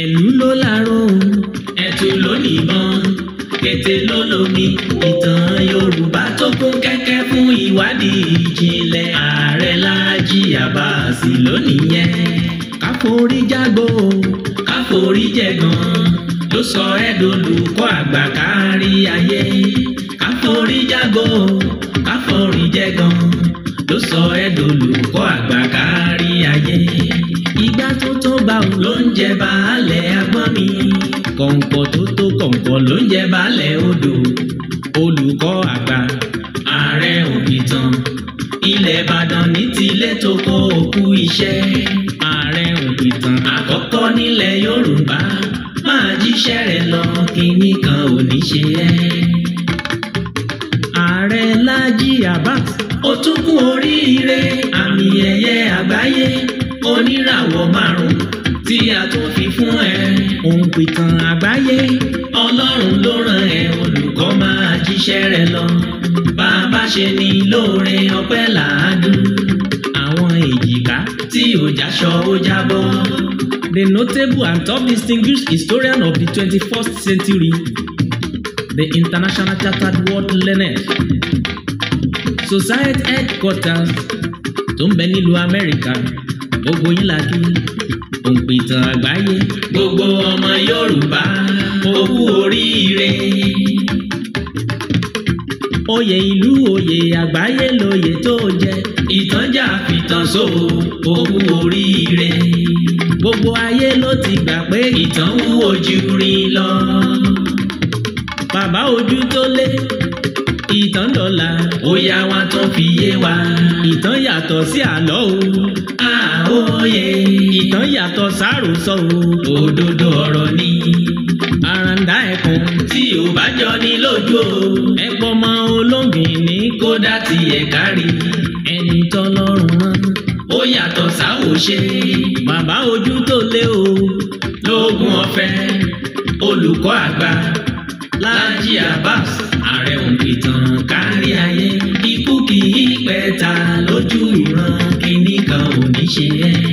ẹ̀lú ló láró ẹ̀tù ló nìbọn kété ló lómi ìtàn Yorùbá tó kún kẹ́kẹ́ fún ìwádìí ìjìnlẹ̀ Ààrẹ Láàjì Àbáàsì lónìí yẹn káforí jágbó káforí jẹgàn ló sọ ẹ́ dolùkọ́ àgbà kárí ayé káforí jágbó káforí jẹgàn ló sọ ẹ́ dolùkọ́ àgbà kárí ayé ìgbà tó tó bá wù ló ń jẹ baálẹ̀ agbọ́n mi kọ̀ǹkọ̀ tó tó kọ̀ǹkọ̀ ló ń jẹ baálẹ̀ odò olùkọ́ àgbà ààrẹ òbítan ilẹ̀ ìbàdàn ní tilẹ̀ tó kọ́ òkú iṣẹ́ ààrẹ òbítan àkọ́kọ́ nílẹ̀ yorùbá máa jíṣẹ́ rẹ̀ lọ kínní kan ò ní ṣe ẹ́ ààrẹ Lájí Abbas ó tún kú oríire àmì ẹ̀yẹ àgbáyé oníràwọ̀ márùn-ún tí a tó fi fún ẹ. òun pìtàn àgbáyé. ọlọ́run ló ràn ẹ́ olùkọ́ máa jíṣẹ́ rẹ lọ. bàbá ṣe ni lóore ọpẹ́ làádùn. àwọn èjìká tí ò jáṣọ ó jábọ́. The notable and top distinguished historian of the twenty-first century, the International Chartered World Learners Society headquarters tó ń bẹ nílùú Amẹ́ríkà gbogbo yín la kí òǹpìtàn àgbáyé. gbogbo ọmọ Yorùbá ó kú oríire. oyè ìlú oyè àgbáyé lóyè tó jẹ. ìtànjà fìtàn so ó kú oríire. gbogbo ayé ló ti gbà pé ìtàn wú ojú rí lọ. bàbá ojú tó lé ìtàn dọ̀la ó yá wa tán fi yé wa ìtàn yàtọ̀ sí àlọ́ o àwòye ìtàn yàtọ̀ sáròsọ o òdodo ọ̀rọ̀ ni àràǹdà ẹ̀kún tí ò bá jọ ní lójú o ẹ̀pọ̀ ọmọ olóngìn ní kódà ti ẹ̀ kárí ẹni tọ́lọ́run rán ó yàtọ̀ sáwòṣe bàbá ojú tó lé o lóògùn ọ̀fẹ́ olùkọ́ àgbà Láàjì Abbas ààrẹ òǹpìtàn kárí ayé ikú kì í pẹ́ ta lójú ìran kíní kan ò ní ṣe ẹ́.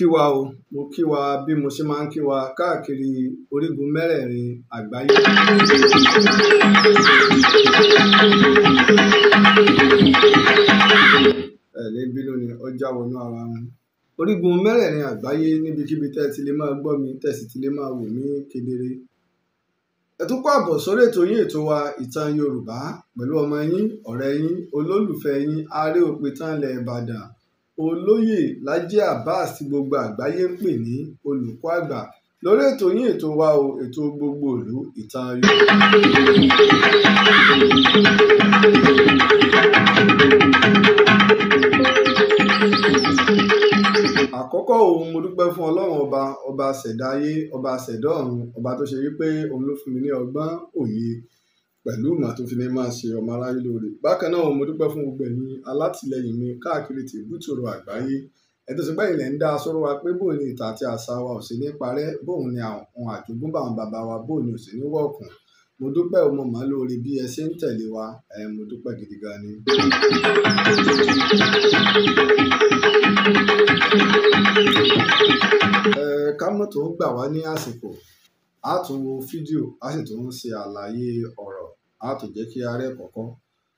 kí o mo kí wa bí mo ṣe máa ń kí wa káàkiri orígun mẹ́rẹ̀ẹ̀rin àgbáyé. ẹ lè bínú ni ọjà wọnú ara wọn. orígun mẹ́rẹ̀ẹ̀rin àgbáyé níbikíbi tẹ́ ti lè máa gbọ́ mi tẹ́ sì ti lè máa wò mí kedere. ẹ tún kọ́ àbọ̀ sórí ètò yín ètò wa ìtàn Yorùbá pẹ̀lú ọmọ yín ọ̀rẹ́ yín olólùfẹ́ yín ààrẹ òpìtàn ilẹ̀ Ìbàdàn olóyè laji abbas tí gbogbo àgbáyé ń pè ní olùkọ́ àgbà lórí ètò yín ètò wa o ètò gbogbo ìlú ìtàn yorùbá. àkọ́kọ́ òun mo dúpẹ́ fún ọlọ́run ọba ọba ṣẹ̀dáyé ọba ṣẹ̀dọ́ọ̀run ọba tó ṣe wípé òun ló fún mi ní ọgbọ́n òye pẹ̀lú ìmọ̀ tó fi ní máa ṣe ọmọ aráyé lóore bákan náà mo dúpẹ́ fún gbogbo ẹ̀yin alátìlẹyìn mi káàkiri tìbútòrò àgbáyé ẹ̀tọ́ sí pé ilẹ̀ ń dá sọ̀rọ̀ wa pé bóun ni ìta àti àṣà wa ò sí ní parẹ́ bóun ni àwọn àwọn wa bóun ni ò sí ní mo dúpẹ́ ọmọ màá lóore bí ẹ ṣe ń wa mo dúpẹ́ a tún wo fídíò a sì á tún jẹ́ kí a rẹ́ kọ̀ọ̀kan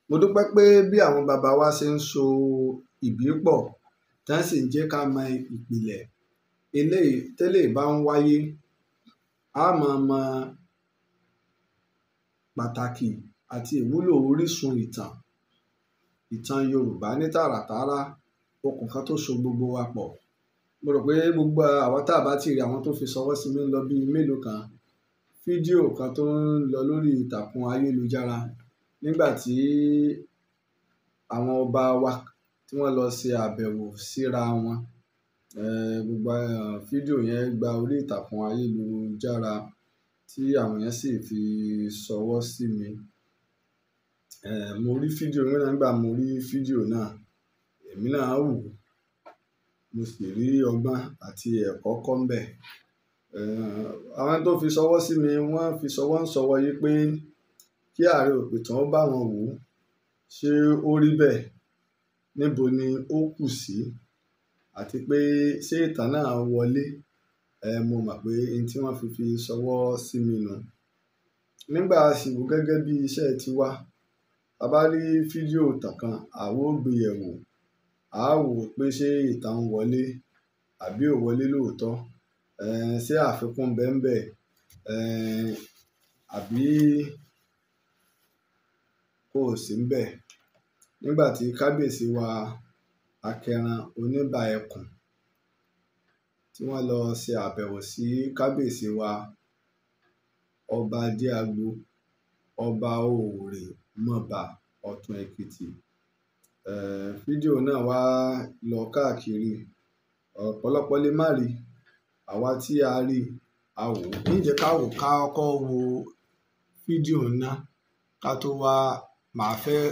mo dúpẹ́ pé bí àwọn bàbá wa ṣe ń so ìbí pọ̀ tá sì ń jẹ́ ká mọ ìpìlẹ̀ eléyìí tẹ́lẹ̀ bá ń wáyé a máa mọ pàtàkì àti ìwúlò orísun ìtàn ìtàn Yorùbá ní tààràtààrà okùn kan tó so gbogbo wa pọ̀ mo rò pé gbogbo àwọn tá a bá ti rí àwọn tó fi sọwọ́ sí mi ń lọ bíi mélòó kan fídíò kan tó ń lọ lórí ìtàkùn ayélujára nígbà tí àwọn ọba wa tí wọ́n lọ ṣe àbẹ̀wò síra wọn gbogbo fídíò yẹn gba orí ìtàkùn ayélujára tí àwọn yẹn sì fi ṣọwọ́ sí mi mo rí fídíò nígbà nígbà mo rí fídíò náà èmi náà wò mo sì rí ọgbọ́n àti ẹ̀kọ́ kọ́ ń bẹ̀ Eh, àwọn tó fi ṣọwọ́ sí mi wọ́n fi ṣọwọ́ ń ṣọwọ́ yìí pé kí ààrẹ òpìtàn bá wọn wò ó ṣé ó rí bẹ́ẹ̀ níbo ni ó kù sí àti pé ṣé ìtàn náà wọlé ẹ eh, mo mọ̀ pé n tí wọ́n fi fi ṣọwọ́ sí mi nù nígbà àsìwò gẹ́gẹ́ bí iṣẹ́ tiwa a bá rí fídíò ìtàn àwo gbìyẹ̀wò àá wò pé ṣé ìtàn wọlé àbí ò wọlé lóòótọ́ ṣé àfikún bẹ́ńbẹ́ àbí kò sí ń bẹ̀ nígbà kábíyèsí wa akẹran oníbà ẹkùn tí wọ́n lọ ṣe àbẹ̀wò sí kábíyèsí wa ọba adéagbo ọba òòrè mọba ọ̀tún èkìtì fídíò náà wá lọ káàkiri ọ̀pọ̀lọpọ̀ lè má rí i àwa tí a rí a wò ó níjẹ́ ká wò ká kọ́kọ́ wo fídíò náà ká tó wá màá fẹ́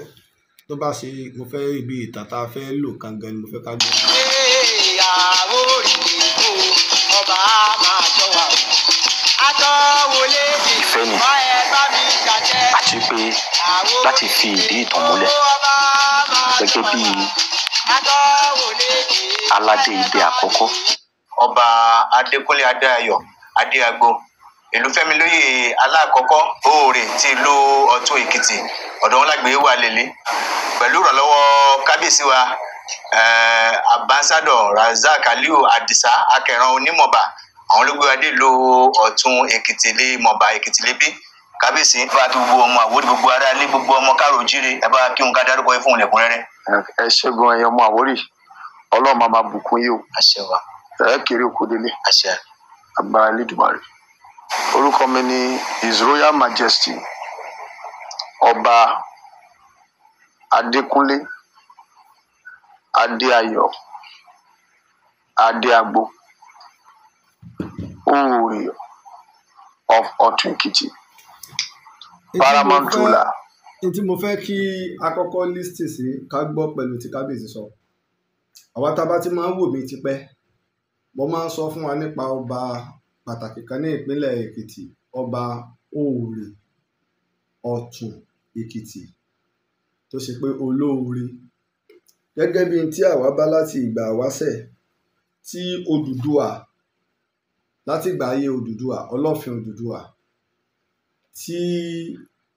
tó bá ṣe mo fẹ́ ibi ìtàn tá a fẹ́ lò kangan ni mo fẹ́ ká gbé. ìyàwó ìdìbò ọba máa jọ wà ó àtọ́wọlé ìfẹ́ ni àti pé láti fi ìdí ìtàn múlẹ̀ gẹ́gẹ́ bí aládé ibi àkọ́kọ́ ọba adékúnlé adéayọ̀ adéagbo ìlúfẹ́mi lóyè aláàkọ́kọ́ oore ti ìlú ọ̀tún èkìtì ọ̀dọ̀ wọn lágbèé wà lélẹ̀ pẹ̀lú ìrànlọ́wọ́ kábíyèsí wa eh, ambassador razak aliu adisa akẹran onímọ̀ba àwọn olóògbé adé ìlú ọ̀tún èkìtì lé mọ̀ba èkìtì lé bí kábíyèsí bá ti gbogbo ọmọ àwòrán gbogbo ara ní gbogbo ọmọ káàró jíire ẹ bá kí òun ká dárúkọ yín fún òun lẹkùnrẹrẹ. ẹ ṣẹ́gun ẹyọ ọmọ àwòrán Ọlọ́run máa bùkún yìí o ẹ kéré oko délé agbára Elédùmarè orúkọ mi ni his royal majesty ọba Adékúnlé Adéayọ̀ Adéagbo Oòrè of Ọ̀tún paramount ruler. ntí mo fẹ́ kí akọ́kọ́ lísìtì sí ká gbọ́ pẹ̀lú tí kábíyèsí sọ àwa tá a bá ti máa ń wò mí tipẹ́ mo máa ń sọ fún wa nípa ọba pàtàkì kan ní ìpínlẹ̀ èkìtì ọba oòrè ọ̀tún èkìtì tó ṣe pé olóore gẹ́gẹ́ bíi tí àwa bá láti ìgbà àwáṣẹ̀ tí odùduwà láti ìgbà ayé odùduwà ọlọ́fin odùduwà tí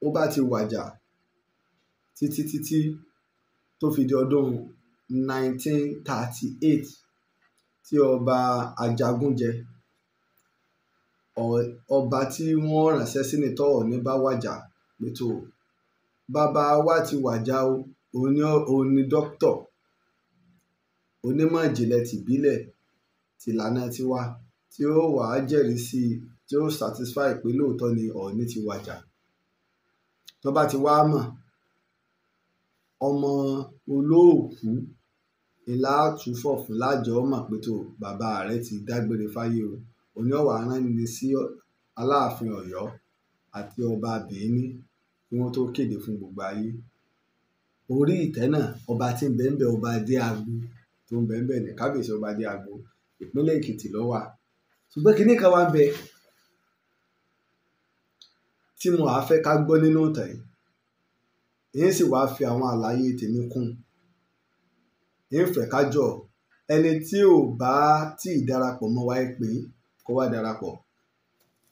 ó bá ti wàjà títí títí tó fi di ọdún 1938 tí ọba Ajagunjẹ ọba tí wọ́n ránṣẹ́ sí ni tọ́wọ̀ ní bá wàjà pé tó bàbá wa ti wàjà o òun ni dókítà onímọ̀ ìjìnlẹ̀ tìbílẹ̀ tìlànà tiwa tí ó wàá jẹ́rìí sí i tí ó satisfy pé lóòótọ́ ni Ọọ̀ni ti wàjà tó ti wá mọ̀ ọmọ olóòkú ńlá túfọ̀ fún lájọ mọ̀ pé tó bàbá rẹ̀ ti dágbére fáyé o òní ọ̀wà rán ni sí aláàfin ọ̀yọ́ àti ọba bìíní kí wọ́n tó kéde fún gbogbo ayé orí ìtẹ́ náà ọba tí ń bẹ́ẹ̀ ọba dé agbo tó ń bẹ́ẹ̀ ní kábíyèsí ọba dé agbo ìpínlẹ̀ èkìtì ló ṣùgbọ́n kinní kan wá ń bẹ tí mo á fẹ́ ká gbọ́ nínú ìtàn yìí èyí sì wá fi àwọn àlàyé tèmi kún un ìfẹ́ kájọ ẹni tí ò bá tí ì darapọ̀ mọ́ wa pé kó wá darapọ̀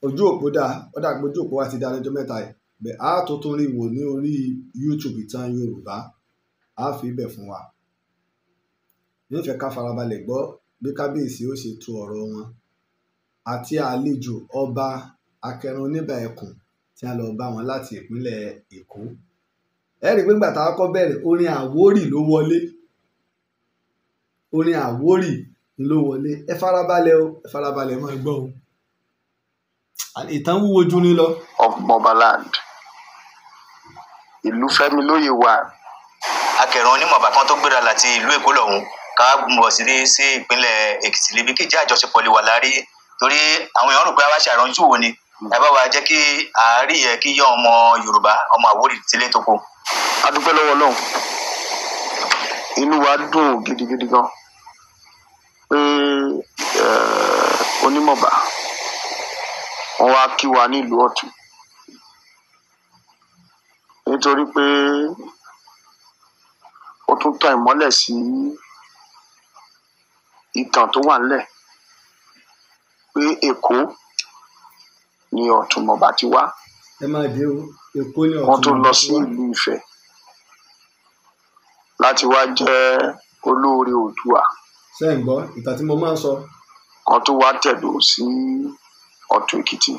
ojú òpó dà ó dà pé ojú òpó wa ti dá lọ́jọ́ mẹ́ta yìí bẹ́ẹ̀ á tó tún rí wò ní orí YouTube Ìtàn Yorùbá á fi ibẹ̀ fún wa nífẹ̀ẹ́ ká farabalẹ̀ gbọ́ bí kábíyèsí ó ṣe tu ọ̀rọ̀ wọn àti àlejò ọba akẹrin oníbà ẹkùn tí a lọ bá wọn láti ìpínlẹ̀ Èkó ẹ rí i pé nígbà tá a kọ́ bẹ̀rẹ̀ orin àwórì ló wọlé orin àwórì ló wọlé ẹ farabalẹ̀ o ẹ farabalẹ̀ mọ́ ẹ gbọ́ o ìtàn wúwo jù ní lọ. of Mobaland ìlú Fẹ́mi lóye wà. akẹ̀rùn onímọ̀ọ́bà kan tó gbéra láti ìlú Èkó lọ́hùn ká bọ̀ sí sí ìpínlẹ̀ Èkìtì lébi kí ìjẹ́ àjọṣepọ̀ lè wà láàrí torí àwọn èèyàn rò pé a wá ṣàránjú wo ni ẹ bá wa jẹ́ kí àárí yẹ kí yọ ọmọ Yorùbá ọmọ Àwórì tílé tó kó. a lọ́wọ́ Ọlọ́run inú wa dùn gidigidi gan pé onímọ̀bà wọ́n wá kí wa nílùú ọ̀tún nítorí pé ó tún tan ìmọ́lẹ̀ sí ìtàn tó wà ńlẹ̀ pé èkó ni ọ̀túnmọ̀bà ti wá wọ́n tún lọ sí ìlú Ifẹ̀ láti wá jẹ́ olóore Oòduà ṣe ń gbọ́ ìtàn tí mo máa ń sọ. wọ́n tún wá tẹ̀dó sí ọ̀tún èkìtì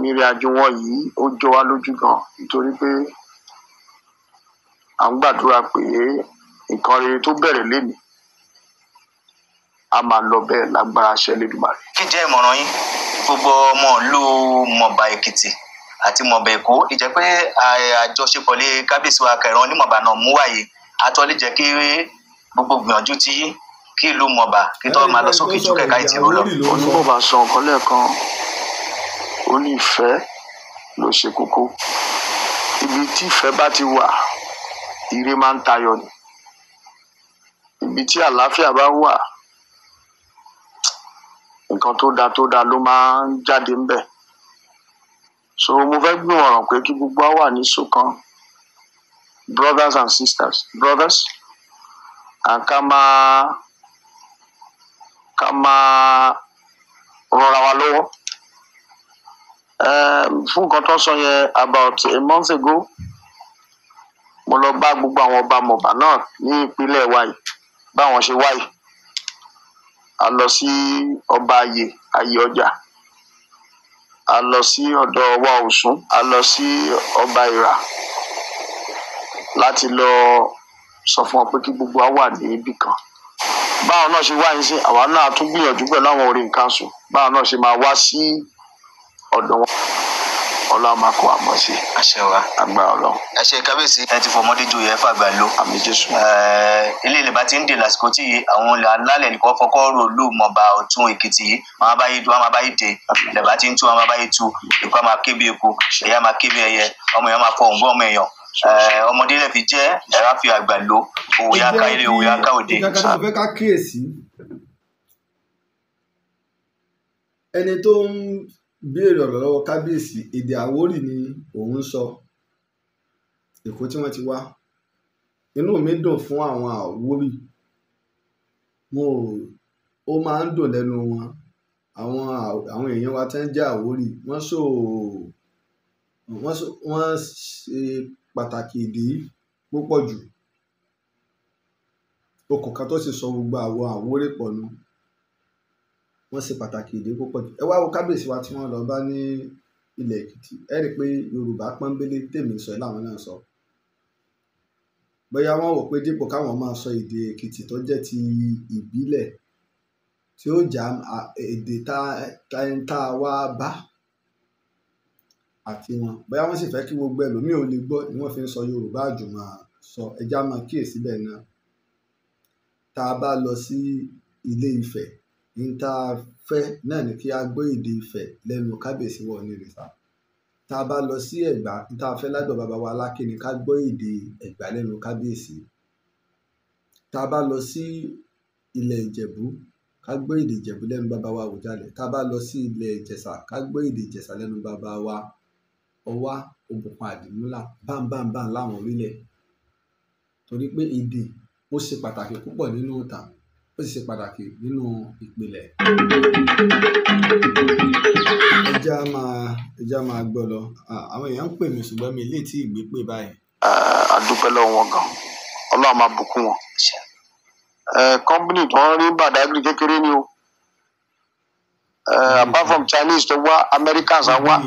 mìíràn ah, àjò wọn yìí ó jọ wá lójú gan nítorí pé à ń gbàdúrà pé nǹkan rere tó bẹ̀rẹ̀ lénìí a máa lọ bẹ́ẹ̀ lágbára ṣe lédùmarè. kí jẹ́ ìmọ̀ràn yín gbogbo ọmọ ìlú mọ̀ọ́bà èkìtì àti mọ̀ọ́bà èkó ìjẹ́ pé àjọṣepọ̀ lé kábíyèsí wa kẹrán onímọ̀ọ́bà náà mú wáyé atọ́ lè jẹ́ kí gbogbo gbìyànjú tí kí ìlú mọba kí tọ́ máa lọ sókè ju kẹ̀kẹ́ ìtìrú lọ. onímọ̀ọ́bà sọ nǹkan lẹ́ẹ̀kan ó ní ìfẹ́ ló ṣe kókó ibi tí ìfẹ́ bá ti wà ire máa ń tayọ ni ibi tí àlàáfíà bá wà nǹkan tó dáa tó dáa ló máa ń jáde ńbẹ̀ so mo fẹ́ gbìmọ̀ràn pé kí gbogbo wa wà ní ṣọ̀kan brothers and sisters brothers kama kama rọra wa lọ́wọ́ um, fún nǹkan tó ń sọ about a month ago mo lọ bá gbogbo àwọn ọba mọba náà ní ìpínlẹ̀ wa ba báwọn ṣe wáyìí a lọ sí ọba ayé ayé ọjà a lọ sí ọ̀dọ̀ wa Ọ̀ṣun a lọ sí ọba ìrà láti lọ. Lo sọ fún wọn pé kí gbogbo wa wà ní ibì kan báwọn náà ṣe wá yín sí àwa náà tún gbìyànjú pẹ̀lú àwọn orin kanṣu báwọn náà ṣe máa wá sí ọ̀dọ̀ wọn ọlọ́màkọ àmọ́sí. àṣẹ wa àgbà ọlọ́run. àṣẹ kábíyèsí ẹ ti fọmọdé ju yẹn fàgbà lọ. àmì jésù. ilé ìlẹ̀bà ti ń dè lásìkò tí àwọn alálẹ̀ nìkan fọkọ́ rò lù ọ̀tún èkìtì yìí màá bá yé du àwọn abáyé dé ìlẹ̀bà ti ń tú àwọn abáyé tu ìkọ́ máa ké bí eku ẹ̀yà máa ké bí ẹyẹ Eh, ọmọdé lè fi jẹ́ ẹ̀rá fi àgbà lò òwe aká ilé òwe aká òde. ẹni tó ń béèrè ọ̀rọ̀ lọ́wọ́ kábíyèsí èdè àwórì ni òun sọ èkó tí wọ́n ti wá inú mi dùn fún àwọn àwórì wọn ò ó máa ń dùn lẹ́nu wọn àwọn èèyàn wa ń jẹ́ àwórì wọ́n sọ wọ́n ṣe pàtàkì ìdí púpọ̀ jù okùn kan tó sì sọ gbogbo àwọ àwórè pọ̀ nu wọ́n ṣe pàtàkì ìdí púpọ̀ jù ẹ wá wo kábíyèsí wa tí wọ́n lọ bá ní ilẹ̀ èkìtì ẹ rí i pé yorùbá pọ́nbélé tèmi sọ ẹ láwọn náà sọ bóyá wọ́n wò pé dípò káwọn máa sọ èdè èkìtì tó jẹ́ ti ìbílẹ̀ tí ó jà èdè tá a wá bá àti wọn bóyá wọ́n sì fẹ́ kí gbogbo ẹlòmíì ò lè gbọ́ ni wọ́n fi ń sọ Yorùbá àjùmọ̀ sọ ẹja máa kíyèsí bẹ́ẹ̀ náà tá a bá lọ sí Ilé Ifẹ̀ ní tá a fẹ́ náà ni kí a gbọ́ èdè Ifẹ̀ lẹ́nu kábíyèsí wọ̀ ní rìsà tá a bá lọ sí Ẹ̀gbá ní tá a fẹ́ ládọ̀ bàbá wa Aláké ni ká gbọ́ èdè Ẹ̀gbá lẹ́nu kábíyèsí tá a bá lọ sí ilẹ̀ Ìjẹ̀bú ká gbọ́ èdè Ìjẹ̀bú lẹ́nu bàbá wa Àwùjalẹ̀ tá a bá lọ sí ilẹ̀ Ìjẹ̀ṣà ká gbọ́ èdè Ìjẹ̀ṣà lẹ́nu bàbá wa ọwá òbùkún àdìmúlà báńbáńbáń láwọn orílẹ̀ torí pé èdè ó ṣe pàtàkì púpọ̀ nínú ìtàn ó sì ṣe pàtàkì nínú ìpìlẹ̀. ẹja máa ẹja máa gbọ́ lọ àwọn èèyàn ń pè mí ṣùgbọ́n mi lè tí ì gbé pè báyìí. a dúpẹ́ lọ́wọ́ wọn gan ọlọ́run máa bùkún wọn kọ́ńpínì tó ń rí bàdágìrì kékeré ni o. Uh, apart from Chinese tó wá Americans àwa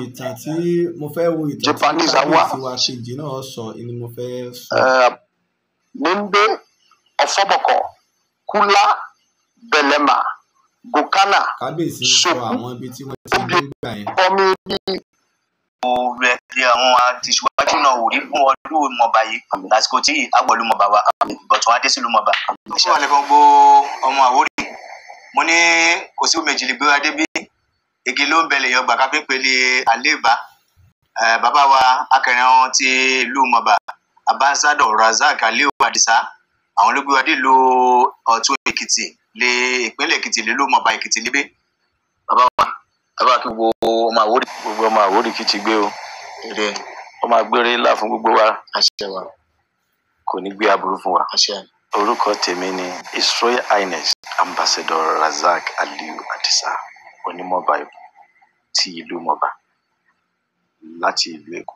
Japanese àwa Nende Ọ̀fọ̀bọ̀kọ̀ Kula Belema Gokana Soku Bọ́mí ní. Òòrùn ẹ̀dẹ̀ àwọn àtìṣíwájú náà ò rí fún ọdún ìmọ̀ọ́ba yìí lásìkò tí àgbọ̀lùmọ̀ọ́ba wa Bọ̀tún Adésìlúmọ̀ọ́ba. Ṣé wàá lè fọ́n gbó ọmọ Àwórì? mo ní kò sí omi ìjìnlẹ̀ gbéra débi igi ló ń bẹ̀lẹ̀ yọgbà ká fi ń pele àléébá bàbá wa akẹrin ọ̀hún ti ìlú mọ̀bà abánsádọ̀ razak aliu adisa àwọn ló gbé wa dìlú ọ̀tún èkìtì lé ìpínlẹ̀ èkìtì lé ìlú mọ̀bà èkìtì níbí. bàbá wa bàbá kí gbogbo ọmọ àwórì gbogbo ọmọ àwórì gbé o ọmọ agbére ńlá fún gbogbo wa kò ní gbé aburú fún wa orúkọ tèmi ni his royal ambassador razak aliu adisa onímọ̀ọ́bà ti ìlú mọ̀ọ́bà láti ìlú èkó.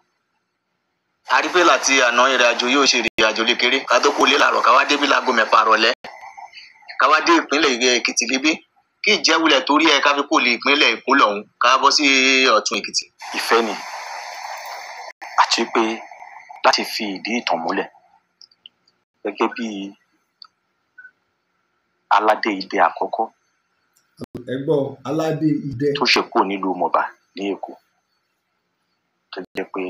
àrífẹ́ láti àná ìrìnàjò yóò ṣe ìrìnàjò lékeré ká tó kó lé làárọ̀ ká wá débi láago mẹ́fà rọ̀lẹ́ ká wá dé ìpínlẹ̀ èkìtì níbí kí ìjẹ́wulẹ̀ torí ẹ̀ ká fi kó lè ìpínlẹ̀ èkó lọ́hùn ká bọ́ sí ọ̀tún èkìtì. ìfẹ́ ni àti pé láti fi ìdí ìtàn múlẹ̀ gẹ́gẹ́ bíi aládé idẹ àkọ́kọ́. ẹgbọ́n aládé idẹ. tó ṣe kúrò nílùú mọ̀bà ní èkó tó jẹ́ pé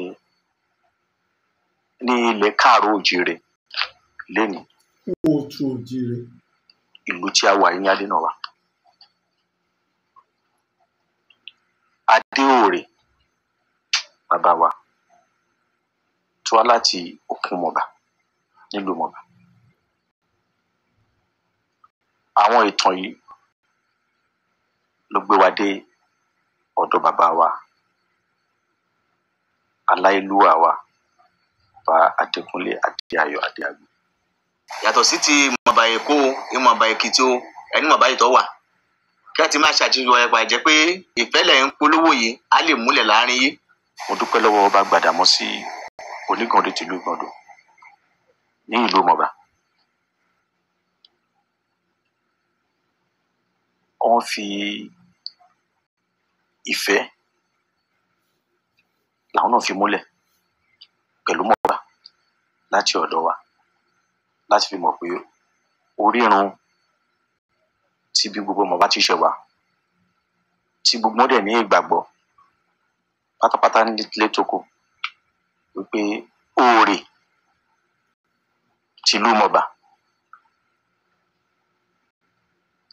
ní ilẹ̀ káàárọ̀ òjìrè lẹ́nu. kóòtù òjìrè. ìlú tí a wà ní adénáwà. adéòrè bàbá wa tó wá láti òkun mọ̀bà nílùú mọ̀bà àwọn ìtàn yìí ló gbé wa dé ọ̀dọ̀ bàbá wa aláìlúwà wa bá Adékúnlé Adéayọ̀ Adéagbé. yàtọ̀ sí ti ìmọ̀ọ́ba èkó ìmọ̀ọ́ba èkìtì o ẹni mọ̀ọ́ba ìtọ́ wà kí a ti máa ṣàtúnyọ ẹ̀pà jẹ́ pé ìfẹ́lẹ̀ ń polówó yìí á lè múlẹ̀ láàrin yìí. mo dúpẹ́ lọ́wọ́ ọba Gbàdámọ́sí Onígàndé tìlú Ìgàndò ní ìlú mọ̀ọ́ba. wọ́n fi ìfẹ́ làwọn náà fi múlẹ̀ pẹ̀lú mọ̀gbà láti ọ̀dọ̀ wa láti fi mọ̀ pé orírun tí bí gbogbo ọmọ bá ti ṣẹ̀wá tí gbogbo wọn dẹ̀ ní ìgbàgbọ́ pátápátá nílé tóko wípé oore tìlú mọ̀gbà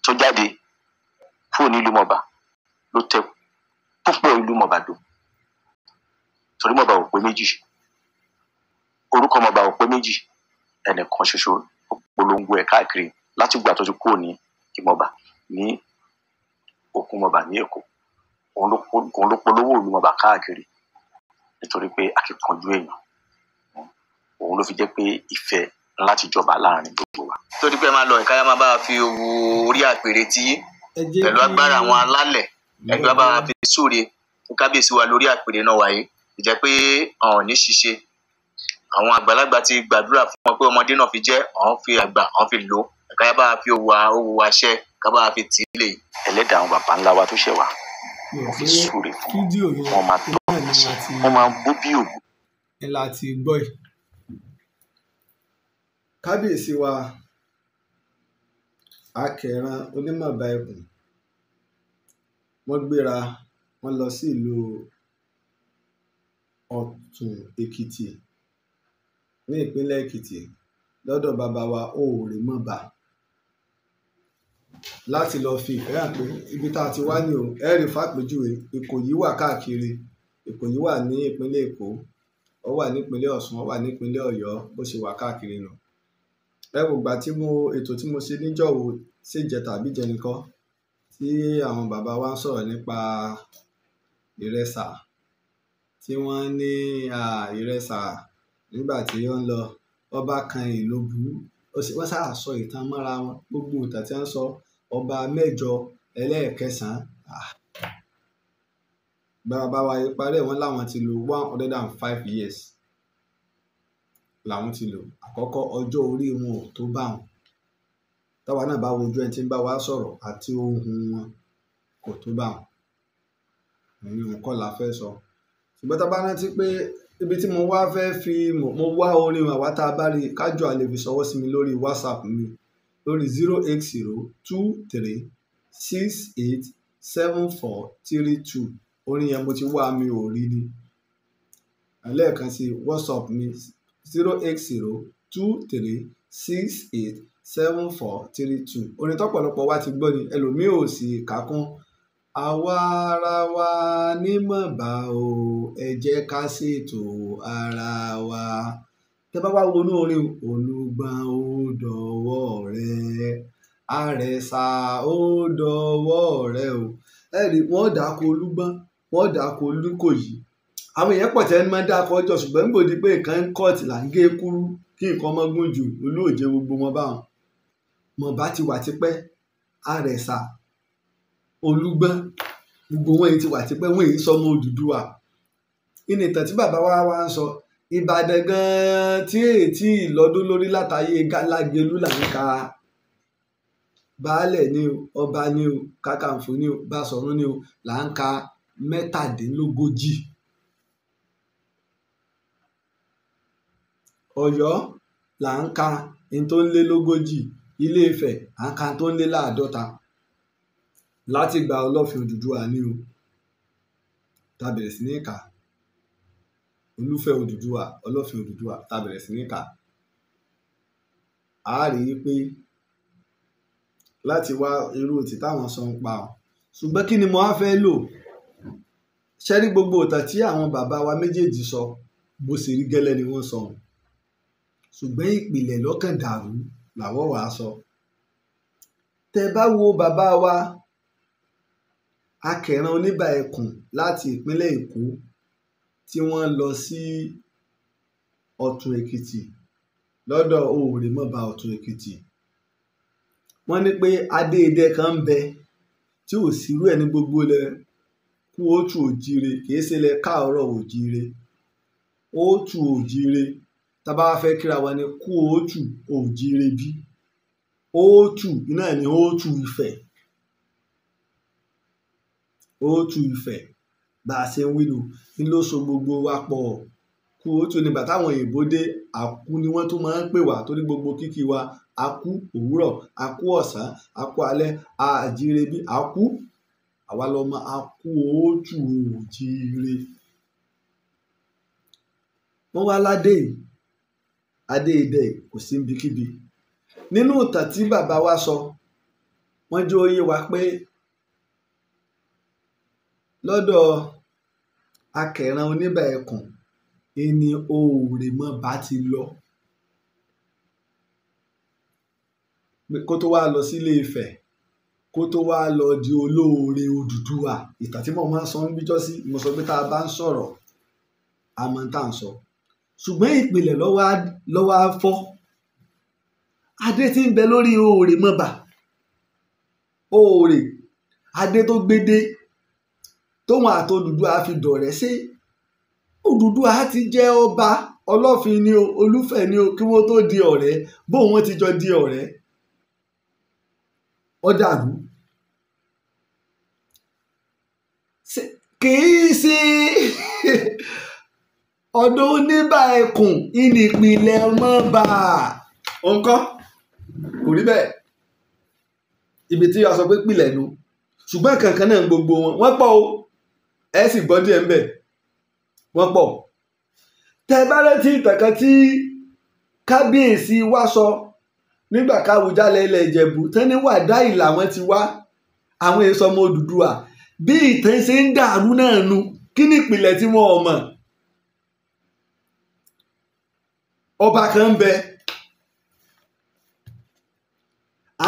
tó jáde kúrò nílùú mọ̀bà ló tẹ púpọ̀ ìlú mọ̀bà dò torí mọ̀bà ò pé méjì orúkọ mọ̀bà ò pé méjì ẹnìkan ṣoṣo polongo ẹ̀ káàkiri láti gbà tó ti kúrò ní ìmọ̀bà ní òkun mọ̀bà ní èkó òun ló polówó ìlú mọ̀bà káàkiri nítorí pé akíkanjú èèyàn òun ló fi jẹ́ pé ìfẹ́ láti jọba láàrin gbogbo wa. torí pé máa lọ ẹ̀ka máa bá a fi owó orí àpèrè tí pẹ̀lú agbára àwọn alálẹ̀ ẹgbẹ́ bá fi súre fún kábíyèsí wa lórí àpèrè náà wáyé ìjẹ́ pé ọ̀hún ní ṣiṣe àwọn àgbàlagbà ti gbàdúrà fún wọn pé ọmọdé náà fi jẹ́ ọ̀hún fi àgbà ọ̀hún fi lò ẹ̀ka yá bá fi òwò owó wa ṣẹ́ ká bá fi tì í lè. ẹlẹ́dàá àwọn bàbá ńlá wa tó ṣẹ̀ wá wọ́n fi súre fún wọn máa tó wọn máa bó bí òwú. ẹ láti gbọ́ ẹ̀ kábíyèsí wa akẹran onímọ̀ bá ẹkùn wọ́n gbéra wọ́n lọ sí ìlú ọ̀tún èkìtì ní ìpínlẹ̀ èkìtì lọ́dọ̀ bàbá wa òòrè mọ̀bà láti lọ fi ìfẹ́ hàn pé ibi tá a ti wá ní o ẹ̀rí fàpèjúwe ìkòyí wà káàkiri ìkòyí wà ní ìpínlẹ̀ èkó ó wà nípínlẹ̀ ọ̀ṣun ó wà nípínlẹ̀ ọ̀yọ́ bó ṣe wà káàkiri nù ẹ wò gbà tí mo ètò tí mo ṣe níjọ́ wo ṣèjẹ tàbí jẹnikọ́ tí àwọn bàbá wa ń sọ̀rọ̀ nípa ìrẹsà tí wọ́n ní ìrẹsà nígbà tí ó ń lọ ọba kan ìlú bú wọ́n sáà sọ ìtàn mọ́ra wọn gbogbo ìtàn tí wọ́n sọ ọba mẹ́jọ ẹlẹ́ẹ̀kẹsàn-án bàbá wa parí ẹ̀ wọ́n láwọn ti lò one hundred and five years làwọn ti lò àkọ́kọ́ ọjọ́ orí wọn ò tó bá táwa náà bá wojú ẹni tí ń bá wa sọ̀rọ̀ àti ohun wọn kò tó bá wọn ẹ̀yin nǹkan la fẹ́ sọ ṣùgbọ́n tá a bá rántí pé ibi tí mo wá fẹ́ fi mo wá orin àwa tá a bá rí kájọ àlè fi ṣọwọ́ sí mi lórí whatsapp mi lórí zero eight zero two three six eight seven four three two orin yẹn mo ti wá mi ò rí ni lẹ́ẹ̀kan sí whatsapp mi zero eight zero two three six eight seven four three two orin tọ́pọ̀lọpọ̀ wa ti gbọ́ ni ẹlòmíì ò sì kà kún àwa ara wa nímọ̀ bá o ẹ jẹ́ ká ṣètò ara wa tẹ́ bá wá wọnú orin olùgbọ́n ó dọ̀wọ́ rẹ àrẹ̀sà ó dọ̀wọ́ rẹ o ẹ̀rí wọ́n dàkọ olúgbọ́n wọ́n dàkọ olúkòyí àwọn èèyàn pọ̀ tẹ́ ń máa dákọ̀ ọjọ́ ṣùgbọ́n gbòdì pé nǹkan ń kọ́ọ̀tì là ń gé kúrú kí nǹkan ọmọ gùn jù olóòjẹ́ gbogbo wọn báwọn mọ̀ọ́bá ti wà tipẹ́ àrẹ̀sà olúgbọ́n gbogbo wọn ti wà tipẹ́ wọn èyí sọmọ Odùduwà ìnìtàn tí bàbá wa wá ń sọ Ìbàdàn gan-an tí ètí ìlọ́dún lórí látàyè Lágelú là ń ka baálẹ̀ ni o ọba ni o kàkàǹfò ni o Báṣọ̀run ni o là ń ka mẹ́tàdínlógójì Ọ̀yọ́ là ń ka ní tó ń lé lógójì ilé Ifẹ̀ àǹkà tó ń lé láàdọ́ta láti gba Ọlọ́fin Odùduwà ni o tá a bẹ̀rẹ̀ sí ní kà Olúfẹ́ Odùduwà Ọlọ́fin Odùduwà tá a bẹ̀rẹ̀ sí ní kà á rí i pé láti wá irú òtí táwọn sọ ń pa ọ ṣùgbọ́n kí ni mo á fẹ́ lò ṣe rí gbogbo òtàn tí àwọn bàbá wa méjèèjì sọ bó ṣe rí gẹ́lẹ́ ni wọ́n sọ ṣùgbọ́n ìpìlẹ̀ lọ́kàn dàrú làwọ́ wàá sọ tẹ bá wo bàbá wa akẹran oníbà ẹkùn láti ìpínlẹ̀ èkó tí wọ́n lọ sí ọ̀tún èkìtì lọ́dọ̀ òòrèmọba ọ̀tún èkìtì wọ́n ní pé adéèdè kan ń bẹ tí ò sírú ẹ̀ ní gbogbo ilẹ̀ kú ó tù òjire kì í ṣe ilẹ̀ káàárọ̀ òjire ó tù òjire tábà fẹ́ kíra wa ní kú òótù òjìire bí òótù iná ní òótù ìfẹ́ òótù ìfẹ́ bá a ṣe ń wí nù ní ló so gbogbo wa pọ̀ kú òótù ni bàtà àwọn òyìnbó dé àkú ni wọ́n tún máa ń pè wá torí gbogbo kíkí wa àkú òwúrọ̀ àkú ọ̀sán àkú alẹ́ àjíire bí àkú àwa lọ́mọ àkú òótù òjìire wọ́n wá ládé yìí adéidẹ kò sí níbikíbi nínú ìtàn tí bàbá wa sọ wọ́n jẹ́ òye wa pé lọ́dọ̀ akẹ̀ràn oníbà ẹkùn ẹni oòrè mọ́ bá ti lọ kó tó wá lọ sílé Ifẹ̀ kó tó wá lọ di olóore Odùduwà ìtàn tí mo máa ń sọ ń bíjọ́ sí mo sọ pé tá a bá ń sọ̀rọ̀ àmọ́ tá à ń sọ. So ṣùgbọ́n ìpìlẹ̀ lọ́wọ́ afọ́ adé tí ń bẹ lórí oòrè mọ́ba oòrè adé tó gbédé tóun àti Odùduwà fi dọ̀rẹ́ sí Odùduwà ti jẹ́ ọba ọlọ́fin ni o olúfẹ̀ ni o kí wọ́n tó di ọ̀rẹ́ bó wọ́n ti jọ di ọ̀rẹ́ ọ̀dàlú kìí ṣe ọ̀dọ̀ oníbà ẹkùn ìnìpínlẹ̀ mọ́ba. òǹkọ́ kò rí bẹ́ẹ̀ ibi tí a sọ pé pìlẹ̀ nu ṣùgbọ́n kankan náà gbogbo wọn wọ́n pọ̀ o ẹ sì gbọ́ díẹ̀ ńbẹ̀ wọ́n pọ̀ tẹ́ bá rántí ìtàkàn tí kábíyèsí wa sọ nígbà káwùjálẹ̀ ilẹ̀ ìjẹ̀bú tán ní wàdá ìlà wọn ti wá àwọn èso ọmọ Odùduwà bí ìtàn ń dàrú náà nu kí ni ìpìlẹ̀ tí wọn ò mọ̀ ọba kan ń bẹ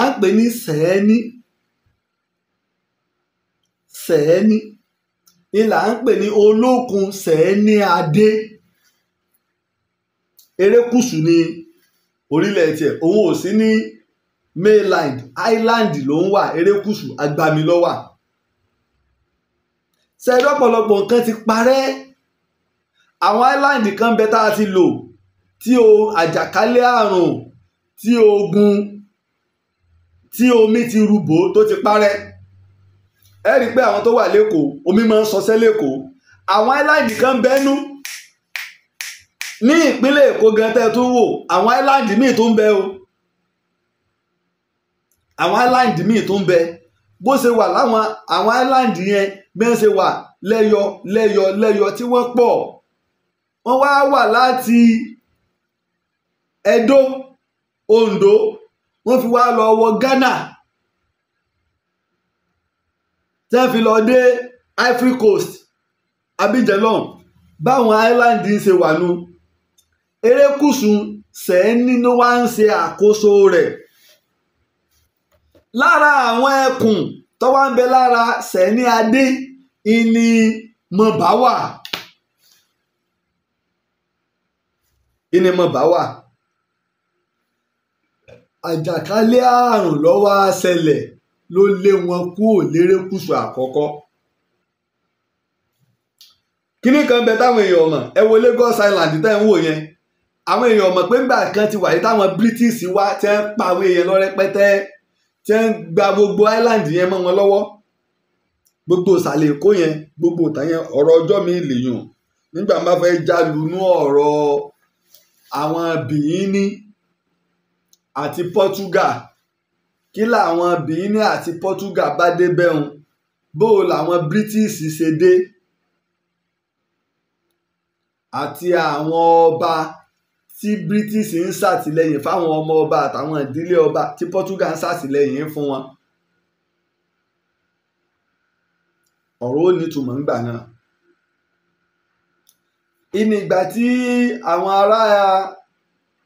à ń pè ní sẹ́ẹ́ní sẹ́ẹ́ní ni là ń pè ní olókun sẹ́ẹ́ní adé erékùṣù ni orílẹ̀ tiẹ̀ òun ò sí ní mainland island ló ń wà erékùṣù agbami ló wà sẹ́ẹ̀dọ́pọ̀lọpọ̀ nǹkan ti parẹ́ àwọn island kan bẹ tá a ti lò tí o àjàkálẹ̀ àrùn tí ogun tí omi ti rúbò tó ti parẹ́ ẹ rí i pé àwọn tó wà lẹ́kọ̀ọ́ omi máa ń sọsẹ́ lẹ́kọ̀ọ́ àwọn áìláńdì kan bẹ́nu ní ìpínlẹ̀ èkó gan tẹ́ tó wò àwọn áìláńdì míì tó ń bẹ o àwọn áìláńdì míì tó ń bẹ bó ṣe wà láwọn àwọn áìláńdì yẹn bí wọ́n ṣe wà lẹ́yọ lẹ́yọ lẹ́yọ tí wọ́n pọ̀ wọ́n wá wà láti Edo Ondo wọ́n fi wá lọ wọ Ghana tẹ́ fi lọ dé Ivory Coast Abidjan lọ́hùn báwọn island ṣe wà nù erékùṣù sẹ́ẹ̀nì ni wọ́n ń ṣe àkóso rẹ̀ lára àwọn ẹkùn tó wá ń bẹ lára sẹ́ẹ̀nì adé ìní mọ̀báwà ìní mọ̀báwà àjàkálẹ̀ àrùn ló wá ṣẹlẹ̀ ló lé wọn kúrò lérékùṣù àkọ́kọ́ kíní kan bẹ táwọn èèyàn mọ̀ ẹ wo Lagos Island tẹ́ ń wò yẹn àwọn èèyàn mọ̀ pé ńgbà kan ti wà yìí táwọn British wá tẹ́ ń pa àwọn èèyàn lọ rẹpẹtẹ tẹ́ ń gba gbogbo island yẹn mọ́ wọn lọ́wọ́ gbogbo ìsàlẹ̀ èkó yẹn gbogbo ìtàn yẹn ọ̀rọ̀ ọjọ́ mi lèèyàn nígbà máa fẹ́ já lunú ọ̀rọ̀ àwọn bìíní àti Portugal kí làwọn Benin àti Portugal bá dé bẹ́hùn bó làwọn British ṣe dé àti àwọn ọba tí British ń ṣàtìlẹ́yìn fáwọn ọmọ ọba àtàwọn ìdílé ọba tí Portugal ń ṣàtìlẹ́yìn fún wọn. ọ̀rọ̀ ó nítumọ̀ ńgbà náà. ìnìgbà tí àwọn ará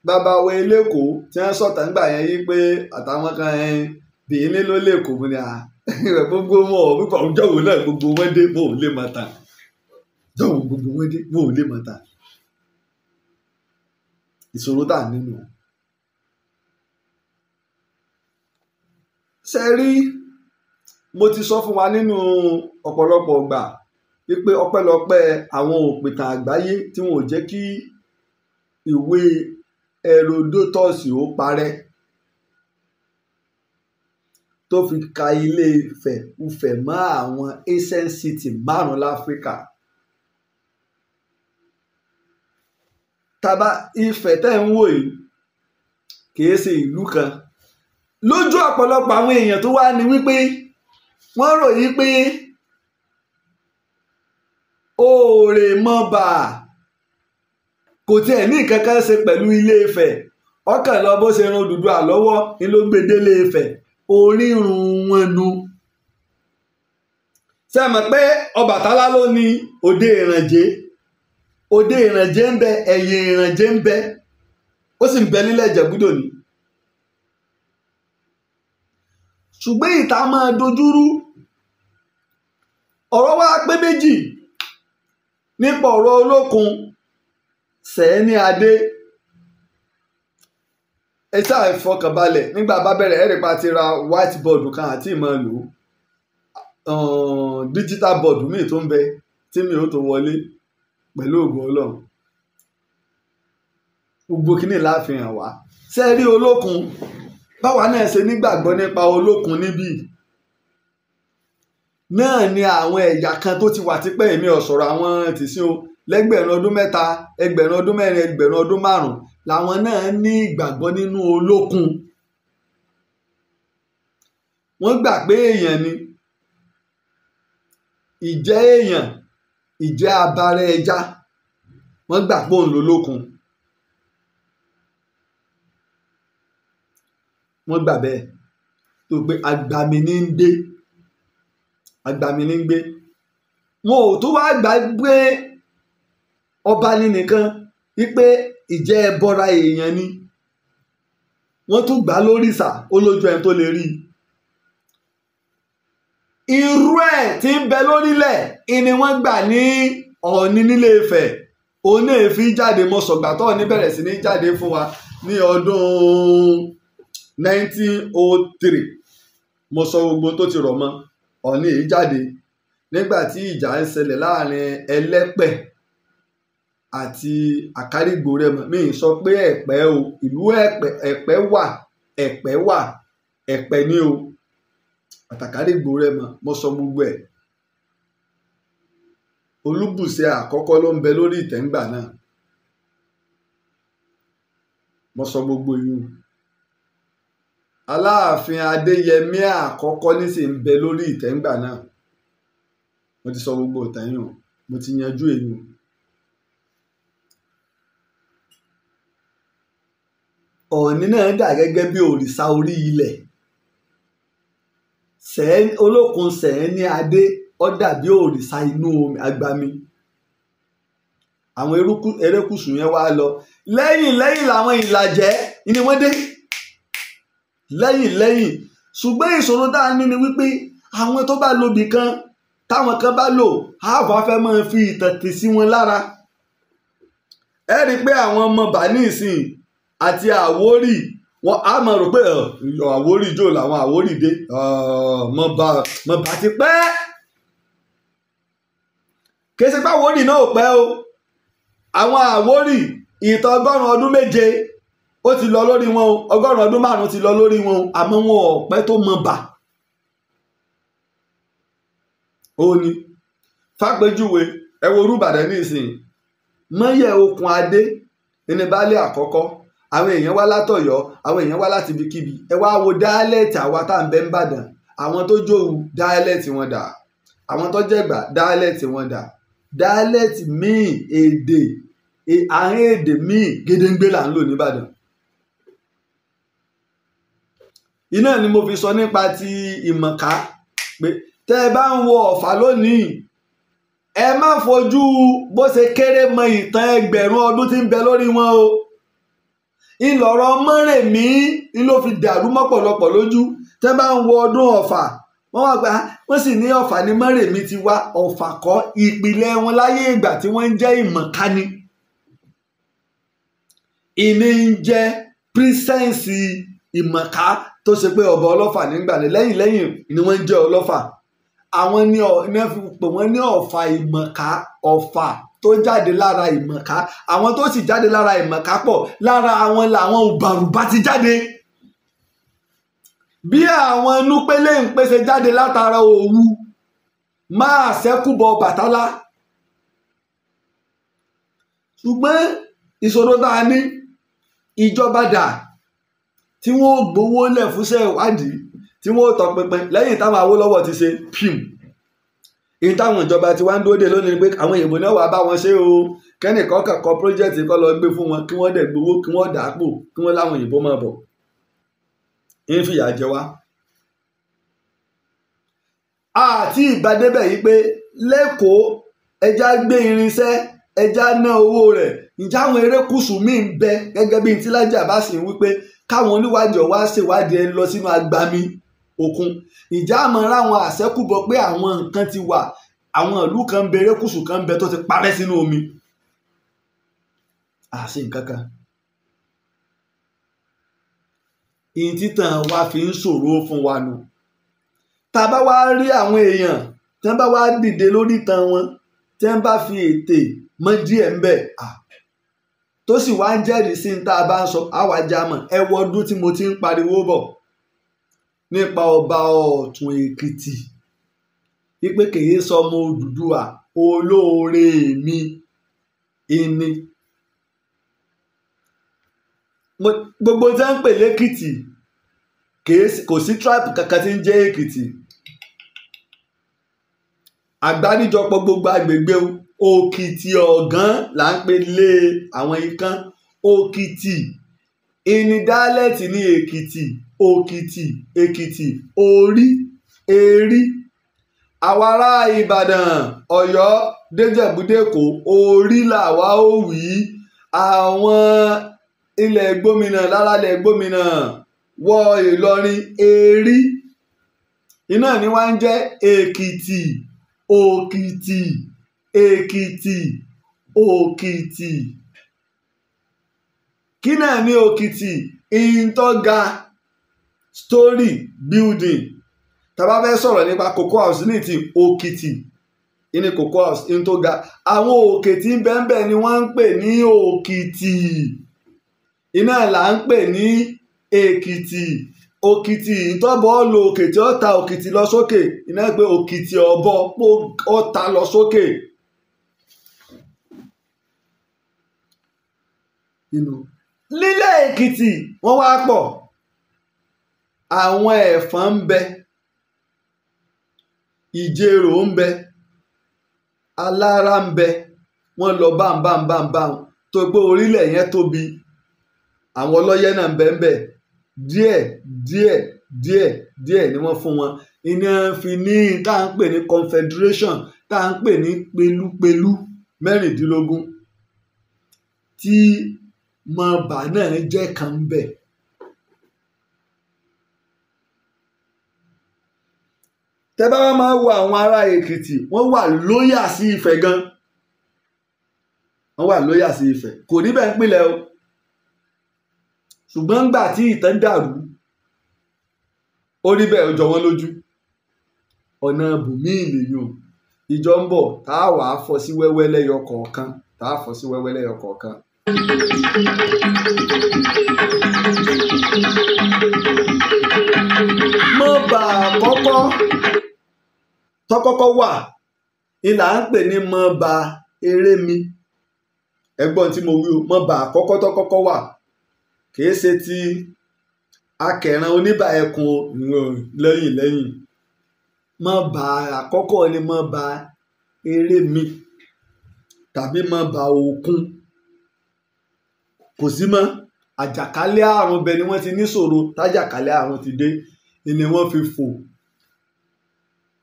bàbá wa elékòó tí wọ́n sọ̀tà ńgbà yẹn yí pé àtàwọn kan yẹn bìí nílò lẹ́kọ̀ọ́ mu ni à gbogbo wọn ò wípé àwọn jọ̀wọ́ náà gbogbo wọn dé wọn ò lè máa tà jọ̀wọ́ gbogbo wọn dé wọn ò lè máa tà ìṣòro tà nínú. ṣe rí mo ti sọ fún wa nínú ọ̀pọ̀lọpọ̀ ọgbà wípé ọpẹ́lọpẹ́ àwọn òpìtàn àgbáyé tí wọn ò jẹ́ kí ìwé herodotus ó parẹ́ tó fi ka ilé Ifẹ̀ Ifẹ̀ mọ́ àwọn ancient city márùn-ún láfíríkà. taba Ifẹ̀ tẹ́ ń wò yìí kìí ṣe ìlú kan lójú ọ̀pọ̀lọpọ̀ àwọn èèyàn tó wá ní wípé wọ́n ròyìn pé oòrè mọ́ba. kò tiẹ̀ ní nǹkan kan ṣe pẹ̀lú ilé Ifẹ̀ ọkàn lọ bó ṣe rún Odùduwà àlọ́wọ́ ni ló gbé délé Ifẹ̀ orírun wọn nu ṣe mọ̀ pé Ọbàtálá ló ní òde ìrànjẹ òde ìrànjẹ ń bẹ ẹ̀yìn ìrànjẹ ń bẹ ó sì ń bẹ nílẹ̀ Ìjẹ̀búdò ni ṣùgbọ́n ìta máa dojúrú ọ̀rọ̀ wa pé méjì nípa ọ̀rọ̀ olókun sẹ́ni adé ẹ ṣáà fọkànbalẹ̀ nígbà bá bẹ̀rẹ̀ ẹ̀rì pa ti ra white board kan àti ìmọ̀ digital board míì tó ń bẹ tí mi ò tó wọlé pẹ̀lú ògùn ọlọ́run gbogbo kínní láàfihàn wá ṣe rí olókun báwa náà ṣe nígbàgbọ́ nípa olókun níbí náà ni àwọn ẹ̀yà kan tó ti wà tipẹ́ èmi ọ̀sọ̀rọ̀ àwọn tìsín o lẹ́gbẹ̀rún ọdún mẹ́ta ẹgbẹ̀rún ọdún mẹ́rin ẹgbẹ̀rún ọdún márùn-ún làwọn náà ní ìgbàgbọ́ nínú olókun wọ́n gbà pé èèyàn ni ìjẹ́ èèyàn ìjẹ́ abara ẹja wọ́n gbà pé òun lolókun wọ́n gbà bẹ́ẹ̀ tó pé agbami ní ń gbé agbami ní ń gbé wọn ò tó wá gbà pé ọba ni nìkan wípé ìjẹ́ ẹbọra èèyàn ni wọ́n tún gbà lórìṣà ó lójú ẹni tó lè rí i irú ẹ̀ tí ń bẹ lórílẹ̀ ni wọ́n gbà ní ọ̀ọ́ni nílé Ifẹ̀ òun náà fi jáde mo sọ̀gbà tó ọ̀ọ́ni bẹ̀rẹ̀ sí ní jáde fún wa ní ọdún 1903 mo sọ gbogbo tó ti rọ̀ mọ́ ọ̀ọ́ni yìí jáde nígbà tí ìjà ń ṣẹlẹ̀ láàrin ẹlẹ́pẹ̀ àti rẹ mi ì sọ pé ẹ̀pẹ́ o ìlú ẹ̀pẹ́ ẹ̀pẹ́ wà ẹ̀pẹ́ wà ẹ̀pẹ́ ní o rẹ mo sọ gbogbo ẹ̀ olúbùṣe àkọ́kọ́ ló ń bẹ lórí ìtẹ́ǹgbà náà mo sọ gbogbo yìí aláàfin adéyẹmí àkọ́kọ́ nísìnyí ń bẹ lórí ìtẹ́ǹgbà náà mo ti sọ gbogbo ìtẹ́yìn o mo ti yanjú èyí o. ọ̀ọ̀ni náà dà gẹ́gẹ́ bí òrìṣà orí ilẹ̀ olókun sẹ̀ẹ́ni adé ó dàbí òrìṣà inú agbami àwọn erékùsù yẹn wá lọ lẹ́yìn lẹ́yìn làwọn ìlàjẹ́ ni wọ́n dé lẹ́yìn lẹ́yìn ṣùgbọ́n ìṣòro tá a ní ni wípé àwọn tó bá lòbì kan táwọn kan bá lò àáfàá fẹ́ máa fi ìtàn tì sí wọn lára ẹ rí i pé àwọn ọmọ bá ní ìsìn àti àwórì wọn a máa rò pé àwórì jò làwọn àwórì dé mọ bá ti pẹ́ kìí pé àwórì náà ò pẹ́ o àwọn àwórì ìtàn ọgọ́rùn-ún ọdún méje ó ti lọ lórí wọn o ọgọ́rùn-ún ọdún márùn-ún ti lọ lórí wọn o àmọ́ wọn ò pẹ́ tó mọ bà ó ní fàgbéjúwe ẹ wo rúbàdàn ní ìsìn mọ́yẹ̀ okùn adé ní baálé àkọ́kọ́ àwọn èèyàn wá látọ̀yọ́ àwọn èèyàn wá láti ibikíbi ẹ wá wo dáálẹ̀tì àwa tá à ń bẹ ń bàdàn àwọn tó jòwú dáálẹ̀tì wọn dà àwọn tó jẹ̀gbà dáálẹ̀tì wọn dà dáálẹ̀tì míì èdè e, àárín èdè míì gédéǹgbé là ń lò nìbàdàn iná ni mo fi sọ nípa ti ìmọ̀ká pé tẹ́ ẹ bá ń wo ọ̀fà lónìí ẹ má fojú bó ṣe kéré mọ ìtàn ẹgbẹ̀rún ọdún tí ń bẹ lórí wọn o ńlọrọ mọ́rẹ̀mí ló fi dàrú mọ́pọ̀lọpọ̀ lójú tẹ́ bá ń wo ọdún ọ̀fà wọ́n wá gba wọ́n sì ní ọ̀fà ní mọ́rẹ̀mí ti wá ọ̀fà kọ́ ìpìlẹ̀ wọn láyé ìgbà tí wọ́n ń jẹ́ ìmọ̀kání ìmí ń jẹ́ pírísẹ́ǹsì ìmọ̀ká tó ṣe pé ọba ọlọ́fà nígbà lẹ́yìn lẹ́yìn ni wọ́n ń jẹ́ ọlọ́fà àwọn ní ọ̀ ní wọ́n fi pè wọ́n ní ọ̀fà ìmọ̀ká ọ̀fà tó jáde lára ìmọ̀ká àwọn tó sì jáde lára ìmọ̀ká pọ̀ lára àwọn làwọn òbàrùbá ti jáde bí àwọn núpélé ń pèsè jáde látara òwu máa ṣẹ́kùbọ̀ bàtálá ṣùgbọ́n ìṣòro tá a ní ìjọba dà tí wọ́n gbowó lẹ̀ fúnṣẹ́ ìwádìí tí wọ́n tọpinpin lẹ́yìn táwọn Awólọ́wọ̀ ti ṣe pim ní táwọn ìjọba ti wá ń dúró dé lónìí pé àwọn èèbò náà wàá bá wọn ṣe o kẹ́nìkan kọ̀ọ̀kan pírójẹ́tì kọ́ lọ gbé fún wọn kí wọ́n dẹ̀ gbowó kí wọ́n dà á pò kí wọ́n láwọn òyìnbó máa bọ̀ ń fìyà jẹ wá. àti ìgbàdébẹ̀ yìí pé lẹ́kọ̀ọ́ ẹja gbé irinṣẹ́ ẹja ná owó rẹ̀ ǹjẹ́ àwọn erékùṣù míì ń bẹ gẹ́gẹ́ bíi tílájà bá sì ń wí pé káwọn oníwádìí ọ̀ wá ṣèwádìí ẹ lọ sínú agbami òkun ìjà àmọ́ ráwọn àṣẹ́kùbọ pé àwọn nǹkan ti wà àwọn ìlú kan ń bẹ erékùsù kan ń bẹ tó ti parẹ́ sínú omi àṣe nǹkan kan ìyìn títàn wa fi ń ṣòro fún wa nù tá a bá wá rí àwọn èèyàn tí wọ́n bá wá dìde lórí ìtàn wọn tí wọ́n bá fi ètè mọ́ díẹ̀ ń tó sì wá ń jẹ́rìí sí ní tá a bá ń sọ àwàjámọ̀ ẹ wọ ọdún tí mo ti ń pariwo bọ̀ nípa ọba ọ̀tún èkìtì wípé kèye sọmọ Odùduwà olóore mi ìní gbogbo tí wọ́n ń pè lẹ́kìtì kò sí tribe kankan tí ń jẹ́ èkìtì àgbáríjọpọ̀ gbogbo agbègbè òkìtì ọ̀gán là ń pè lé àwọn ikán òkìtì ìní dialect ní èkìtì òkìtì èkìtì orí erí àwa ará ìbàdàn ọ̀yọ́ déjẹ̀búdẹ́kọ orí làwa ó wí àwọn ilẹ̀ gbómìnà lálálẹ̀ gbómìnà wọ ìlọrin erí iná ni wá ń jẹ́ èkìtì òkìtì èkìtì òkìtì. kí náà ní òkìtì ìyíntọ́ga story building tàbá fẹ́ sọ̀rọ̀ nípa cocoa house ní ti òkìtì ní cocoa house ìyíntọ́ga àwọn òkè tí ń ni wọ́n ń pè ní òkìtì iná là ń pè ní èkìtì òkìtì ìtọ́bọ̀ lo òkè tí ó lọ sókè iná òkìtì ọ̀bọ lọ sókè. You lílẹ̀ èkìtì wọ́n wá pọ̀ àwọn ẹ̀fọn ń bẹ ìjẹrò ń bẹ alára ń bẹ wọ́n lọ bámbámbámbám tó gbé orílẹ̀ yẹn tóbi àwọn ọlọ́yẹ náà ń bẹ ń bẹ díẹ̀ díẹ̀ díẹ̀ díẹ̀ ni wọ́n fún wọn iná fi ní tá à ń pè ní confederation tá à ń pè ní pelúpelú mẹ́rìndínlógún tí mọba náà jẹ́ kan bẹ̀. tẹ́bá bá máa wo àwọn ará èkìtì wọ́n wà lóyà sí Ifẹ̀ gan wọ́n wà lóyà sí Ifẹ̀ kò ní bẹ́ẹ̀ ń pilẹ̀ o ṣùgbọ́n ńgbà tí ìtàn dàrú ó rí bẹ́ẹ̀ ó jọ wọ́n lójú ọ̀nà bùnmíì lèyàn ìjọ ń bọ̀ tá a wàá fọ́ sí wẹ́wẹ́ lẹ́yọ kọ̀ọ̀kan tá a fọ́ sí wẹ́wẹ́ lẹ́yọ kọ̀ọ̀kan mọ́bà àkọ́kọ́ tó kọ́kọ́ wà ni là ń pè ní mọ́bà erémi ẹgbọ́n tí mo wí o mọ́bà àkọ́kọ́ tó kọ́kọ́ wà kìí ṣe ti akẹ̀ràn oníbà ẹkùn lẹ́yìn lẹ́yìn mọ́bà àkọ́kọ́ ni mọ́bà erémi tàbí mọ́bà òkun kò sí mọ́ àjàkálẹ̀ àrùn bẹ́ẹ̀ ni wọ́n ti níṣòro tájàkálẹ̀ àrùn ti dé ni wọ́n fi fò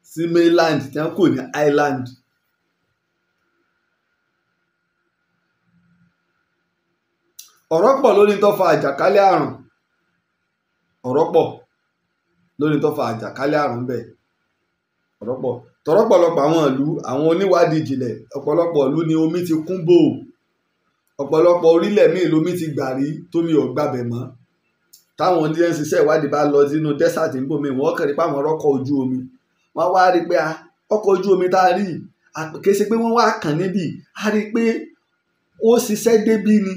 sí mainland tí wọ́n kò ní island. ọ̀rọ̀ pọ̀ lórí tó fa àjàkálẹ̀ àrùn ọ̀rọ̀ pọ̀ lórí tó fa àjàkálẹ̀ àrùn bẹ́ẹ̀ ọ̀rọ̀ pọ̀ tọ̀rọ̀pọ̀lọpọ̀ àwọn ìlú àwọn oníwádìí ìjìnlẹ̀ ọ̀pọ̀lọpọ̀ ìlú ni omi ti kún bò ó ọ̀pọ̀lọpọ̀ orílẹ̀ míì lomi ti gbà rí tómi ò gbàbẹ̀ mọ́ táwọn onílé ń ṣiṣẹ́ ìwádìí bá lọ sínú dẹ́sàtì ń bomi wọ́n kàn rí pé àwọn ọkọ̀ ojú omi wọ́n wá rí pé ọkọ̀ ojú omi tá a rí kése pé wọ́n wá kàn níbí a rí pé ó ṣiṣẹ́ débí ni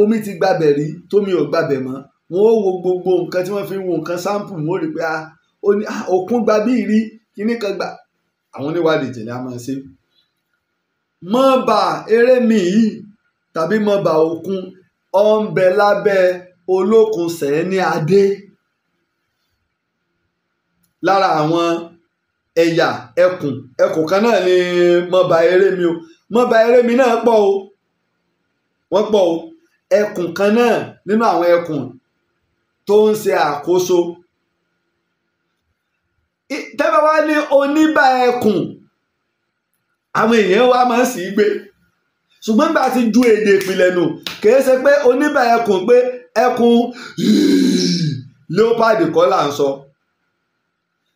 omi ti gbàbẹ̀ rí tómi ò gbàbẹ̀ mọ́ wọ́n ó wo gbogbo nǹkan tí wọ́n fi ń wo nǹkan sáǹpù wọ́n rí pé òkun gba bí rí kíní kan gbà àwọn oníwádìí ìjìnlẹ̀ a máa ṣe mọ́ bà eré mi yìí tàbí mọ̀bà òkun ó ń bẹ lábẹ́ olókun sẹ́ni adé lára àwọn ẹ̀yà ẹkùn ẹkùn kan náà ni mọ̀bà erémi o mọ̀bà erémi náà pọ̀ o wọ́n pọ̀ o ẹkùn kan náà nínú àwọn ẹkùn tó ń ṣe àkóso tẹ́fẹ́ wá ní oníbà ẹkùn àwọn èèyàn wa máa ń sì í gbé ṣùgbọ́n gbà ti ju èdè ìpìlẹ̀ nù kìí ṣe pé oníbà ẹkùn pé ẹkùn leopard kọ́ là ń sọ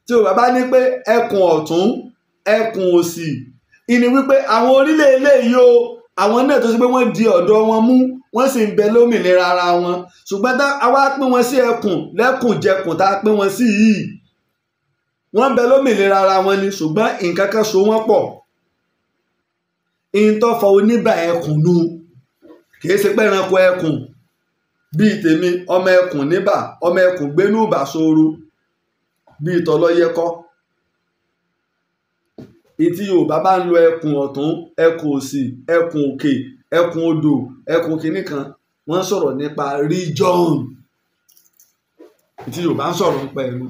tí Yorùbá bá ní pé ẹkùn ọ̀tún ẹkùn òsì ìní wípé àwọn orílẹ̀ eléyìí o àwọn náà tó ṣe pé wọ́n di ọ̀dọ́ wọn mú wọ́n sì ń bẹ lómìnira ara wọn ṣùgbọ́n tá a wá pín wọn sí ẹkùn lẹ́kùn jẹkùn tá a pín wọn sí yìí wọ́n ń bẹ lómìnira ara wọn ni ṣùgbọ́n nǹkan kan so wọ́n pọ̀ ìtọ́fọ oníbà ẹkùn nu kìí ṣe pé ẹranko ẹkùn bíi tèmi ọmọ ẹkùn níbà ọmọ ẹkùn gbénú bàṣoru bíi tọlọ́yẹ́kọ́ ìtí yorùbá bá ń lo ẹkùn ọ̀tún ẹkùn òsì ẹkùn òkè ẹkùn odò ẹkùn kìíní kan wọ́n sọ̀rọ̀ nípa region ìtí yorùbá ń sọ̀rọ̀ nípa ẹ̀nu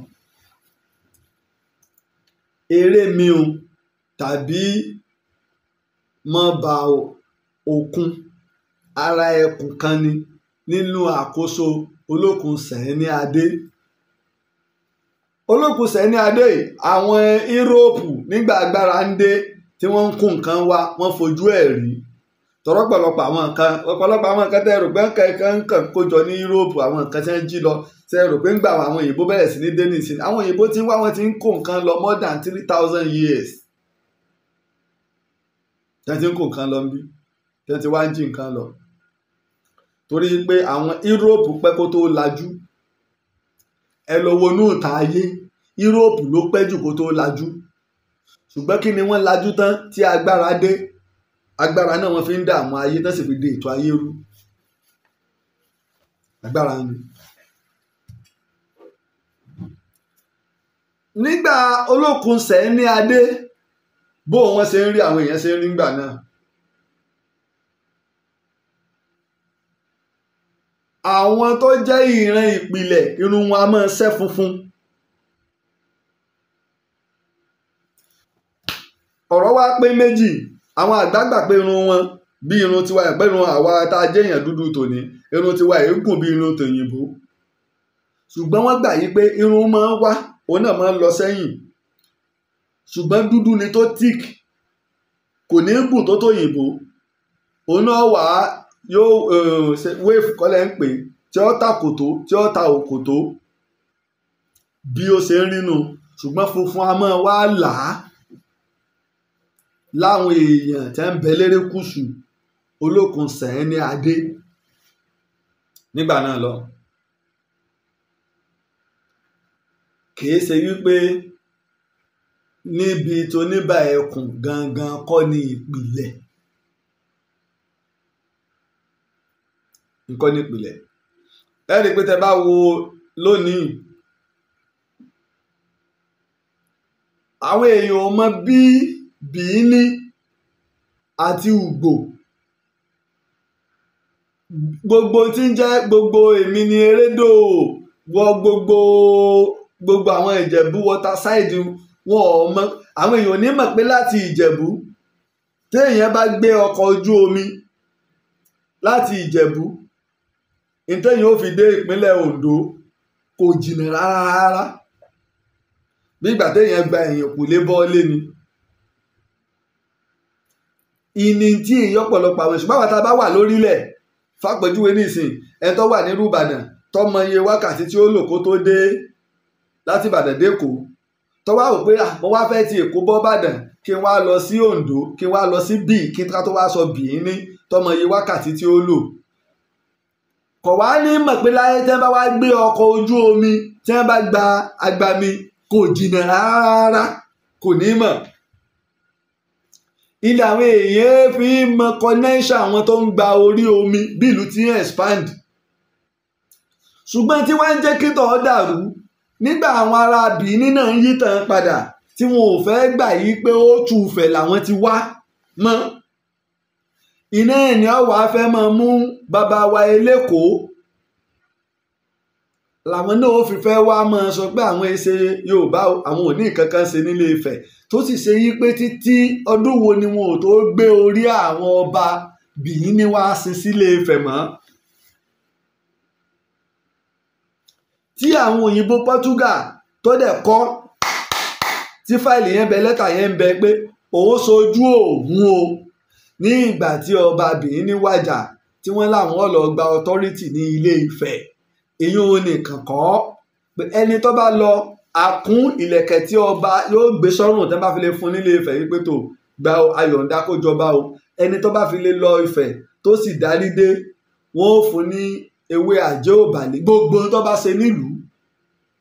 eré miun tàbí mọ́ba òkun ara ẹkùn kan ni nínú àkóso olókùn sẹ́ni adé olókùn sẹ́ni adé àwọn yúróòpù nígbà agbára ń dé tí wọ́n ń kó nǹkan wá wọ́n fojú ẹ̀ rí tọrọ pọ̀lọpọ̀ àwọn nǹkan ọ̀pọ̀lọpọ̀ àwọn nǹkan tẹ rò pé nǹkan nǹkan kójọ ní yúróòpù àwọn nǹkan tẹ ń jí lọ tẹ rò pé ń gbà àwọn òyìnbó bẹ̀rẹ̀ sí ní dé nìsín àwọn òyìnbó ti ń wá wọn ti ń kó nǹkan lọ more than three thousand years tẹ́ ń kó nǹkan lọ ń bí tẹ́ wá ń jí nǹkan lọ torí pé àwọn Europe pẹ́ kó tó lajú ẹ lọ wo ìta ayé Europe ló pẹ́ jù kó tó lajú ṣùgbọ́n kí ni wọ́n lajú tán tí agbára dé agbára náà wọ́n fi ń dààmú ayé tán sì fi de ètò ayé rú agbára ni. nígbà Olókun Sẹ́ni adé bó wọn ṣe ń rí àwọn èèyàn ṣe ń rí ńgbà náà. àwọn tó jẹ́ ìran ìpìlẹ̀ irun wọn a máa ṣẹ́ funfun. ọ̀rọ̀ wa pé méjì àwọn àgbààgbà pé irun wọn bí irun tiwa ẹ̀ pé irun àwa tá a jẹ́yàn dúdú tòní irun tiwa ẹ̀ gùn bí irun tòyìnbó ṣùgbọ́n wọ́n gbà yí pé irun máa ń wá òun náà máa ń lọ sẹ́yìn ṣùgbọ́n dúdú ni tó tík kò ní gùn tó tó yìnbó òun náà wà á yóò wave kọ́lẹ̀ ń pè tí ó ta kòtó tí ó ta òkòtó bí ó ṣe ń rínu ṣùgbọ́n funfun a máa wá là á láwọn èèyàn tẹ́ ń bẹ lérè kùsù olókun sẹ́yìn ní adé nígbà náà lọ kìí ṣe wípé níbi tóníbà ẹkùn gangan kọ́ ni ìpìlẹ̀ nǹkan ní ìpìlẹ̀ ẹ rí i pé tẹ bá wo lónìí àwọn èèyàn ò mọ bí bìíní àti ùgbò gbogbo tí ń jẹ́ gbogbo èmi ni erédò wọ gbogbo gbogbo àwọn ìjẹ̀bú water side wọn ò mọ àwọn èèyàn ní mọ̀ pé láti ìjẹ̀bú téèyàn bá gbé ọkọ̀ ojú omi láti ìjẹ̀bú ìtẹ̀yìn ó fi dé ìpínlẹ̀ Ondo kò jìnnà rárá rárá bí ìgbà téèyàn gba èèyàn kò lè bọ́ lé ni ìní tí èyí ọ̀pọ̀lọpọ̀ àwọn ìṣùgbọ́n àwọn a bá wà lórílẹ̀ fàpèjúwe nísìn ẹni tó wà ní Ìbàdàn tọmọ iye wákàtí tí ó lò kó tó dé láti Ìbàdàn dé Èkó tó wá wò pé mo wá fẹ́ ti èkó bọ́ bàdàn kí n wá lọ sí Oǹdó kí n wá lọ sí bíi kí n tó wá sọ bíi ní tọmọ iye wákàtí tí ó lò kọ̀ wá ní mọ̀ pé láyé tẹ́ bá wá gbé ọkọ̀ ojú omi tẹ́ bá gba agbami kò jìnnà rárá kò ní mọ̀ ilẹ̀ àwọn èèyàn fi ń mọ connection àwọn tó ń gba orí omi bí ìlú ti ń expand ṣùgbọ́n tí wọ́n ń jẹ́ kí tọ́ dàrú nígbà àwọn ará Bìíní náà ń yítàn padà tí wọn ò fẹ́ gbà yí pé ó tu ìfẹ́ làwọn ti wá mọ́ iná ẹ̀ní ọ̀wà fẹ́ máa mú bàbá wa elékòó làwọn náà ó fi fẹ́ wá máa sọ pé àwọn ẹsẹ̀ Yorùbá àwọn ò ní kankan ṣe nílé Ifẹ̀ tó sì ṣe yí pé títí ọdún wo ni wọn ò tó gbé orí àwọn ọba Bìíní wá sin sílé Ifẹ̀ mọ́. tí àwọn òyìnbó Portugal tó dẹ̀ kọ́ tí fáìlì yẹn bẹ lẹ́tà yẹn ń bẹ pé òun sojú òun o ní ìgbà tí ọba Benin ní wájà tí wọ́n láwọn ò lọ gba authority ní ilé Ifẹ̀ èyí òun nìkan kọ́ pé ẹni tó bá lọ àkún ìlẹ̀kẹ̀ tí ọba yóò gbé sọ́rùn tó bá fi lè fún nílé Ifẹ̀ yìí pé tó gba ayọ̀ǹda kó jọba o ẹni tó bá fi lè lọ Ifẹ̀ tó sì darí dé wọ́n ó fún ní ewé àjẹ́ òbàlẹ̀ gbogbo tó bá ṣe nílùú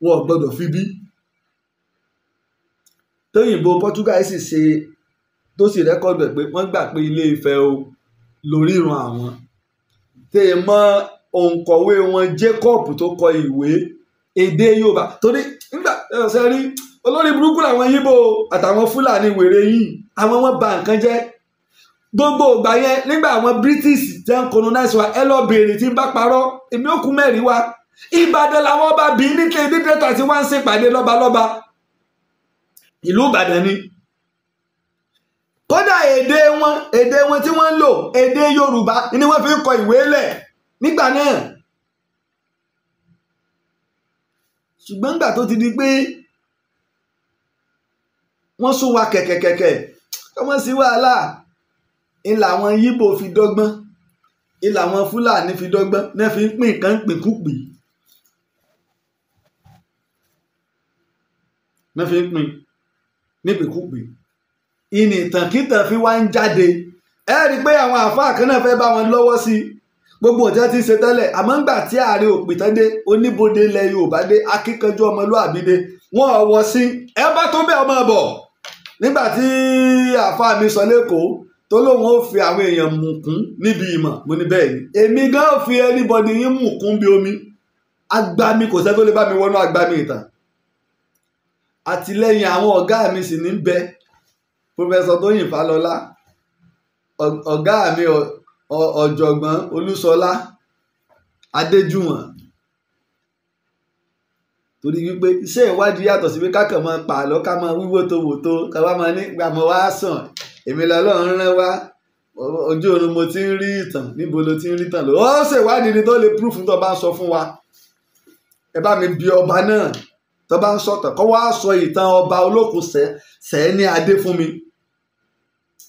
wọn ò gbọdọ̀ fi bí tóyìnbó Portugal sì ṣe tó sì rẹ́kọ̀dù ẹ̀ pé wọ́n gbà pé ilé Ifẹ̀ o lórí ìran àwọn tẹ́ ẹ mọ òǹkọ̀wé wọn Jacob tó kọ ìwé èdè Yorùbá torí nígbà ṣe rí olórí burúkú làwọn Yíbò àtàwọn Fúlàní wèrè yìí àwọn wọn bà nǹkan jẹ́ gbogbo ìgbà yẹn nígbà àwọn British jẹ́ ń colonize wa ẹ lọ béèrè tí ń bá parọ́ èmi ò kú mẹ́rin wa Ìbàdàn làwọn ọba bí ní twenty three thirty one ṣèpàdé lọ́balọ́ba ìlú Ìbàdàn ni kódà èdè wọn èdè wọn tí wọ́n ń lò èdè Yorùbá ni wọ́n fi ń kọ ìwé lẹ̀ nígbà náà ṣùgbọ́n nígbà tó ti di pé wọ́n sún wa kẹ̀kẹ̀kẹ̀kẹ̀ kọ́mọ́ sí wàhálà ń làwọn yíbò fi dọ́gbọ́n ń làwọn fúlàní fi dọ́gbọ́n náà fi ń pín nǹkan pínkúpì náà fi ń pín nípìnkúpì ìní ìtànkìtàn fi wá ń jáde ẹ rí i pé àwọn àáfàá kan náà fẹ́ bá wọn lọ́wọ́ sí i gbogbo ọ̀já ti ṣe tẹ́lẹ̀ àmọ́ ńgbà tí ààrẹ òpìtàn dé oníbodè ilẹ̀ yorùbá dé akíkanjú ọmọlúàbí dé wọ́n ọwọ́ sí ẹ bá tó bẹ́ẹ̀ ọmọ bọ̀ nígbà tí àáfàá mi sọ lẹ́kọ̀ọ́ tó lóun ó fi àwọn èèyàn mùkún níbi ìmọ̀ mo ní bẹ́ẹ̀ ni èmi gan ó fi anybody yín mùkún bí omi agbami kò sẹ́ tó lè bá mi wọnú agbami ìtàn àtìlẹ́yìn àwọn ọ̀gá mi sì ní bẹ pòfẹsọ Tóyìn Fálọlá ọ̀gá mi ọ̀jọ̀gbọ́n Olúṣọlá Adéjùwọ̀n torí wípé iṣẹ́ ìwádìí yàtọ̀ sí pé kákan máa pààlọ́ ká máa wíwò tó wò tó ká wá máa ní gbàmọ́ wá sàn èmi lọ́lọ́run rán wá ojú oorun mo ti ń rí ìtàn níbo ló ti ń rí ìtàn ló ó ṣèwádìí ni tó lè proof tó bá ń sọ fún wa ẹ bá mi bi ọba náà tó bá ń sọ̀tàn kó wá sọ ìtàn ọba olókùn sẹ́ ní adé fún mi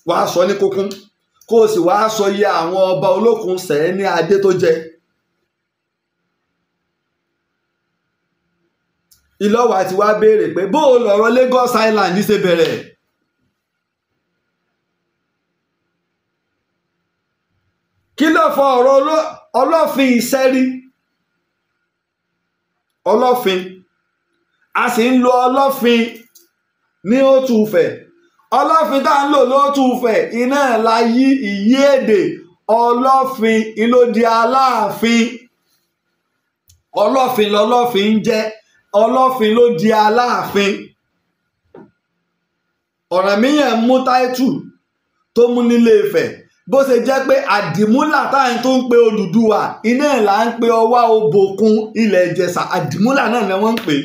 wá sọ ní kúkún kó o sì wá sọ iye àwọn ọba olókùn sẹ́ ní adé tó jẹ. ìlọ́wà ti wá béèrè pé bó o lọ̀rọ̀ Lagos Island ṣe bẹ̀rẹ̀ àfa ọ̀rọ̀ ọlọ́fin ìṣẹ́rí ọlọ́fin a sì ń lo ọlọ́fin ní òtúfẹ̀ ọlọ́fin tá ń lò lótúfẹ̀ iná la yí ìyí èdè ọlọ́fin ìlòdì aláàfin ọlọ́fin lọ́lọ́fin ń jẹ́ ọlọ́fin ló di aláàfin Ọ̀rànmíyàn mú táìtù tó mú nílé Ifẹ̀ bó ṣe jẹ́ pé àdìmúlà táyìn tó ń pe Odùduwà iná ẹ̀ là ń pe ọwá obòkun ilẹ̀ Ìjẹ̀ṣà àdìmúlà náà ni wọ́n ń pè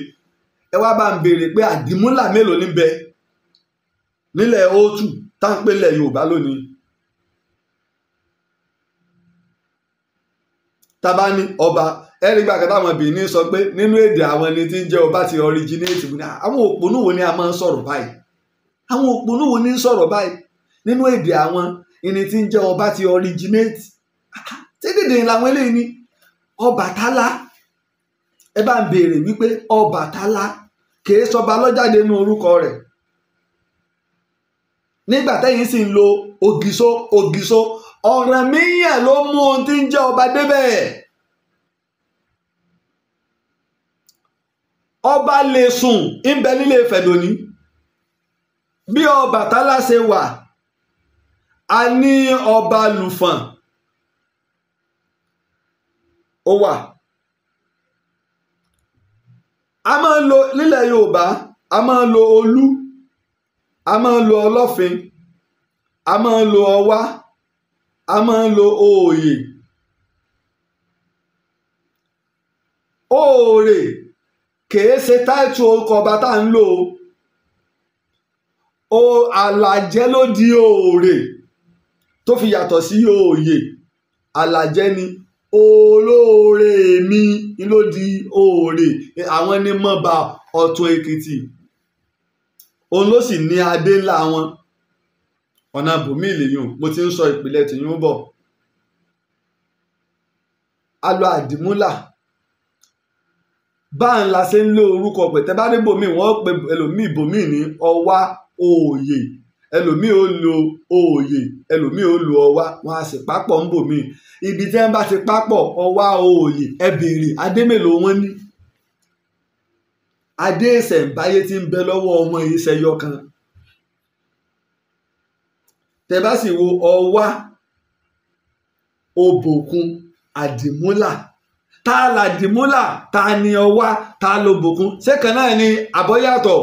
ẹ wá bá ń béèrè pé àdìmúlà mélòó níbẹ̀ nílẹ̀ òtù tá ń pè lẹ̀ Yorùbá lónìí. tábà ní ọba ẹ̀rí gbàgbé táwọn Benin sọ pé nínú èdè àwọn ẹni tí ń jẹ́ ọba ti ọ̀ríjìnéètì ní àwọn òpónú wo ni a máa ń sọ̀rọ̀ báyìí àwọn òpónú wo ni ń sọ̀rọ̀ báyìí nínú èdè àwọn ìní tí ń jẹ́ ọba ti originate tẹ́gẹ̀dẹ̀ làwọn eléyìí ni Ọbàtálá ẹ bá ń béèrè wípé t'álá kìí sọba lọ́jáde nínú orúkọ rẹ̀ nígbà tẹ́yìn sì ń lo ògìso ògìso ló mú ohun tí ń ọba débẹ̀ ọba lè sùn ń bẹ nílé bí a ní ọba lùfọ̀n ó wà a máa ń lo nílẹ̀ yorùbá a máa ń lo olú a máa ń lo ọlọ́fin a máa ń lo ọwá a máa ń lo òòyè òòrè kèé ṣe táìtù orúkọ ọba tá à ń lò ó àlàjẹ́ ló di òòrè tó fi yàtọ̀ sí òòyè alàjẹ́ ni olóore mi ló di òòrè àwọn ni mọba ọ̀tún èkìtì òun ló sì ní adé ńlá wọn ọ̀nà bòmí lèyìn mo ti ń sọ ìpìlẹ̀ tìyún bọ̀ a lo àdìmúlà báà ń la ṣe ń lo orúkọ pẹ̀tẹ́ bá dé bòmí wọ́n pe ẹlòmíì bòmí ní ọwá òòyè ẹlòmíì ó lo òòyè ẹlòmíì ó lo ọwá wọn a sì papọ̀ ń bò míì ibi tí wọn bá ti papọ̀ ọwá òòyè ẹ béèrè adé mélòó wọn ní adé ìṣẹ̀ǹbáyé ti ń bẹ lọ́wọ́ ọmọ ìṣẹ̀yọ kan tẹ́ bá sì wo ọwá òbòkun àdìmúlà ta làdìmúlà ta ni ọwá ta lòbòkun ṣé kan náà ni àbọ̀yàtọ̀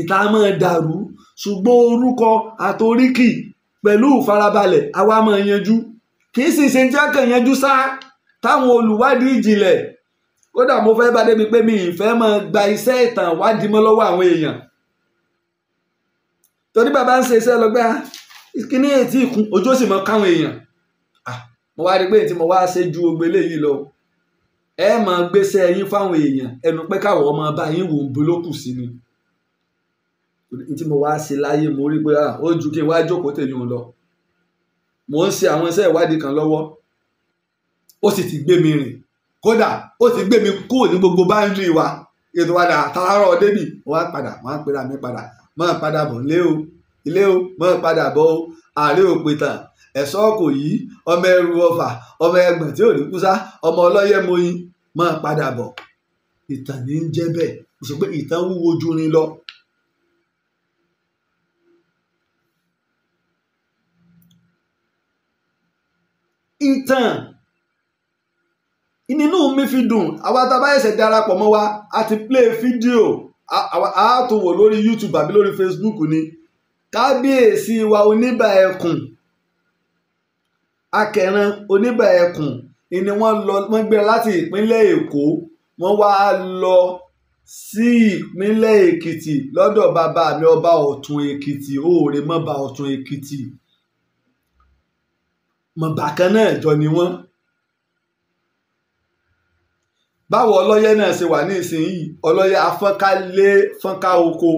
ìta máa dàrú ṣùgbọ́n orúkọ àtoríkì pẹ̀lú ìfarabalẹ̀ àwa máa yanjú kì í sì ṣe ń jákàn yanjú sá táwọn olùwádìí ìjìnlẹ̀ kódà mo fẹ́ bá débi pé mi ìfẹ́ máa gba iṣẹ́ ìtàn wádìí mọ́ lọ́wọ́ àwọn èèyàn torí bàbá ń ṣe iṣẹ́ lọ́gbà kíní ètí ìkún ojú ó sì mọ káwọn èèyàn mo wá rí pé tí mo wá ṣe ju ogbe eléyìí lọ ẹ máa gbéṣẹ́ yín fáwọn èèyàn ẹnu pé káwọn ọmọ bá yín wò ń bolókù sí ni tí mo wá ṣe láyé mo rí pé ah, ó ju kí n wá jókòó tèmi òun lọ mo ń ṣe àwọn iṣẹ́ ìwádìí kan lọ́wọ́ ó sì ti gbé mi rìn kódà ó ti gbé mi kúrò ní gbogbo báńdìrì wa ètò padà tààrọ̀ débì wọ́n á padà wọ́n á pera mi padà máa padà bọ̀ nílé o ilé o máa padà bọ̀ o ààrẹ òpìtàn ẹ̀sọ́ kò yí ọmọ ẹrù ọfà ọmọ ẹgbọ̀n tí ò ní kúsá ọmọ ọlọ́yẹ moyin máa padà bọ̀ ìtàn ní ń jẹ́ bẹ́ẹ̀ kò sọ pé ìtàn wúwo ju ni lọ ìtàn nínú mi fi dùn àwa tá a bá ẹsẹ̀ darapọ̀ mọ́ wa a ti play fídíò a tó wò lórí YouTube àbí lórí Facebook ni kábíyèsí wa oníbà ẹkùn akẹran oníbà ẹkùn ni wọ́n lọ wọ́n gbéra láti ìpínlẹ̀ Èkó wọ́n wá lọ sí ìpínlẹ̀ Èkìtì lọ́dọ̀ bàbá mi ọba Ọ̀tún Èkìtì oore mọ́ba Ọ̀tún Èkìtì mọ̀gbà kan náà jọ ni wọ́n báwo ọlọ́yẹ náà ṣe wà ní ìsinyìí ọlọ́yẹ afọ́nká lé fọ́nká oko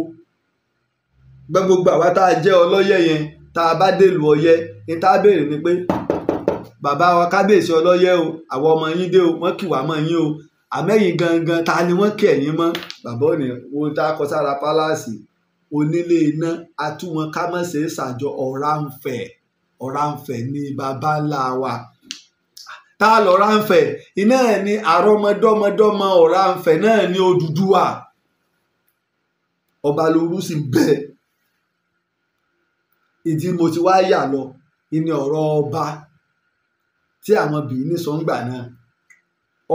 gbẹ gbogbo àwa tá a jẹ́ ọlọ́yẹ yẹn tá a bá dèlù ọyẹ ní tá a béèrè ni pé bàbá wa kábíyèsí ọlọ́yẹ o àwọn ọmọ yín dé o wọ́n kì wá mọ́ yín o àmẹ́yìn gangan ta ni wọ́n kì ẹ̀yìn mọ́ bàbá òní wo tá a kọ sára pálásì onílé iná atúwọn ká mọ̀ ṣe é ṣàjọ ọ̀rá Ọ̀rànfẹ̀ ni bàbá ńlá wa tá a lọ Ọ̀rànfẹ̀ iná ẹ̀ ni àrọ́mọdọ́mọdọ́mọ Ọ̀rànfẹ̀ náà ni Odùduwà ọba lóru sì bẹ ìdí mo ti wá yà lọ ìní ọ̀rọ̀ ọba tí àwọn bìíní sọ ń gbà náà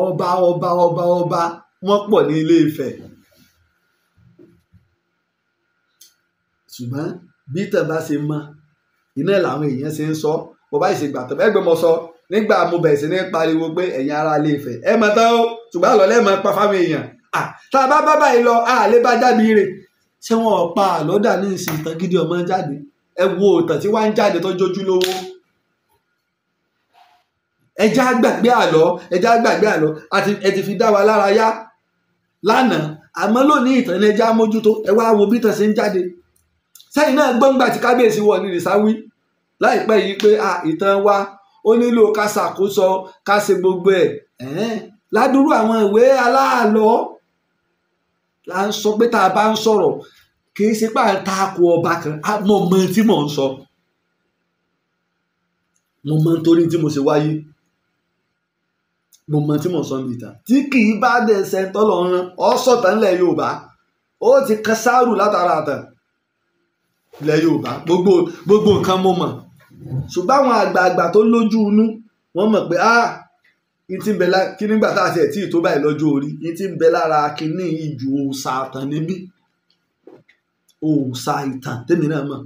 ọba ọba ọba ọba wọ́n pọ̀ ní ilé Ifẹ̀ ṣùgbọ́n bí tàn bá ṣe mọ́ iná làwọn èèyàn ṣe ń sọ mo bá ìṣègbà tó bẹ́ẹ̀ gbé mo sọ nígbà mo bẹ̀rẹ̀ sí ní pariwo pé ẹ̀yin ará ilé Ifẹ̀ ẹ mọ̀ tán o ṣùgbọ́n àlọ́ lẹ́ẹ̀ máa pa fáwọn èèyàn tá a bá bá báyìí lọ àlẹ́ bá jáde rè ṣé wọn ò pa àlọ́dà ní ìsìn ìtàn gidi ọmọ jáde ẹ wo ìtàn tí wá ń jáde tó jójú lówó ẹjá gbàgbé àlọ́ ẹjá gbàgbé àlọ́ àti ẹ ti fi dá wa lára yá lánàá àmọ́ lónìí ìtàn ẹjá mójútó ẹ wá wo bí ìtàn ṣe ń jáde sẹ́yìn náà gbọ́ngbà tí kábíyèsí wọ̀ ní ìsáwí láìpẹ́ yìí pé ìtàn wa ó nílò ká ṣàkóso ká ṣe gbogbo ẹ̀ ládùúrú àwọn ìwé aláàlọ́ la ń sọ pé tá a bá ń sọ̀rọ̀ kì í ṣe pé à ń takò ọba kan mo mọ tí mò ń sọ mo mọ nítorí tí mo ṣe wáyé mo mọ tí mò ń sọ níbi ìtàn tí kì í bá dẹ̀ ṣe tọ́lọ̀ ń rán lẹ̀ Yorùbá ó ti kan sáárù látara àtàn ilẹ̀ yorùbá gbogbo gbogbo nǹkan mo mọ̀ ṣùgbọ́n àwọn àgbààgbà tó lójú inú wọ́n mọ̀ pé ah n ti bẹ lára kí nígbà tá a ti ẹ̀ tí ì tó báyìí lọ́jọ́ orí n ti bẹ lára kínní ìjù òòṣà àtàn níbí òòṣà ìtàn tèmi náà mọ̀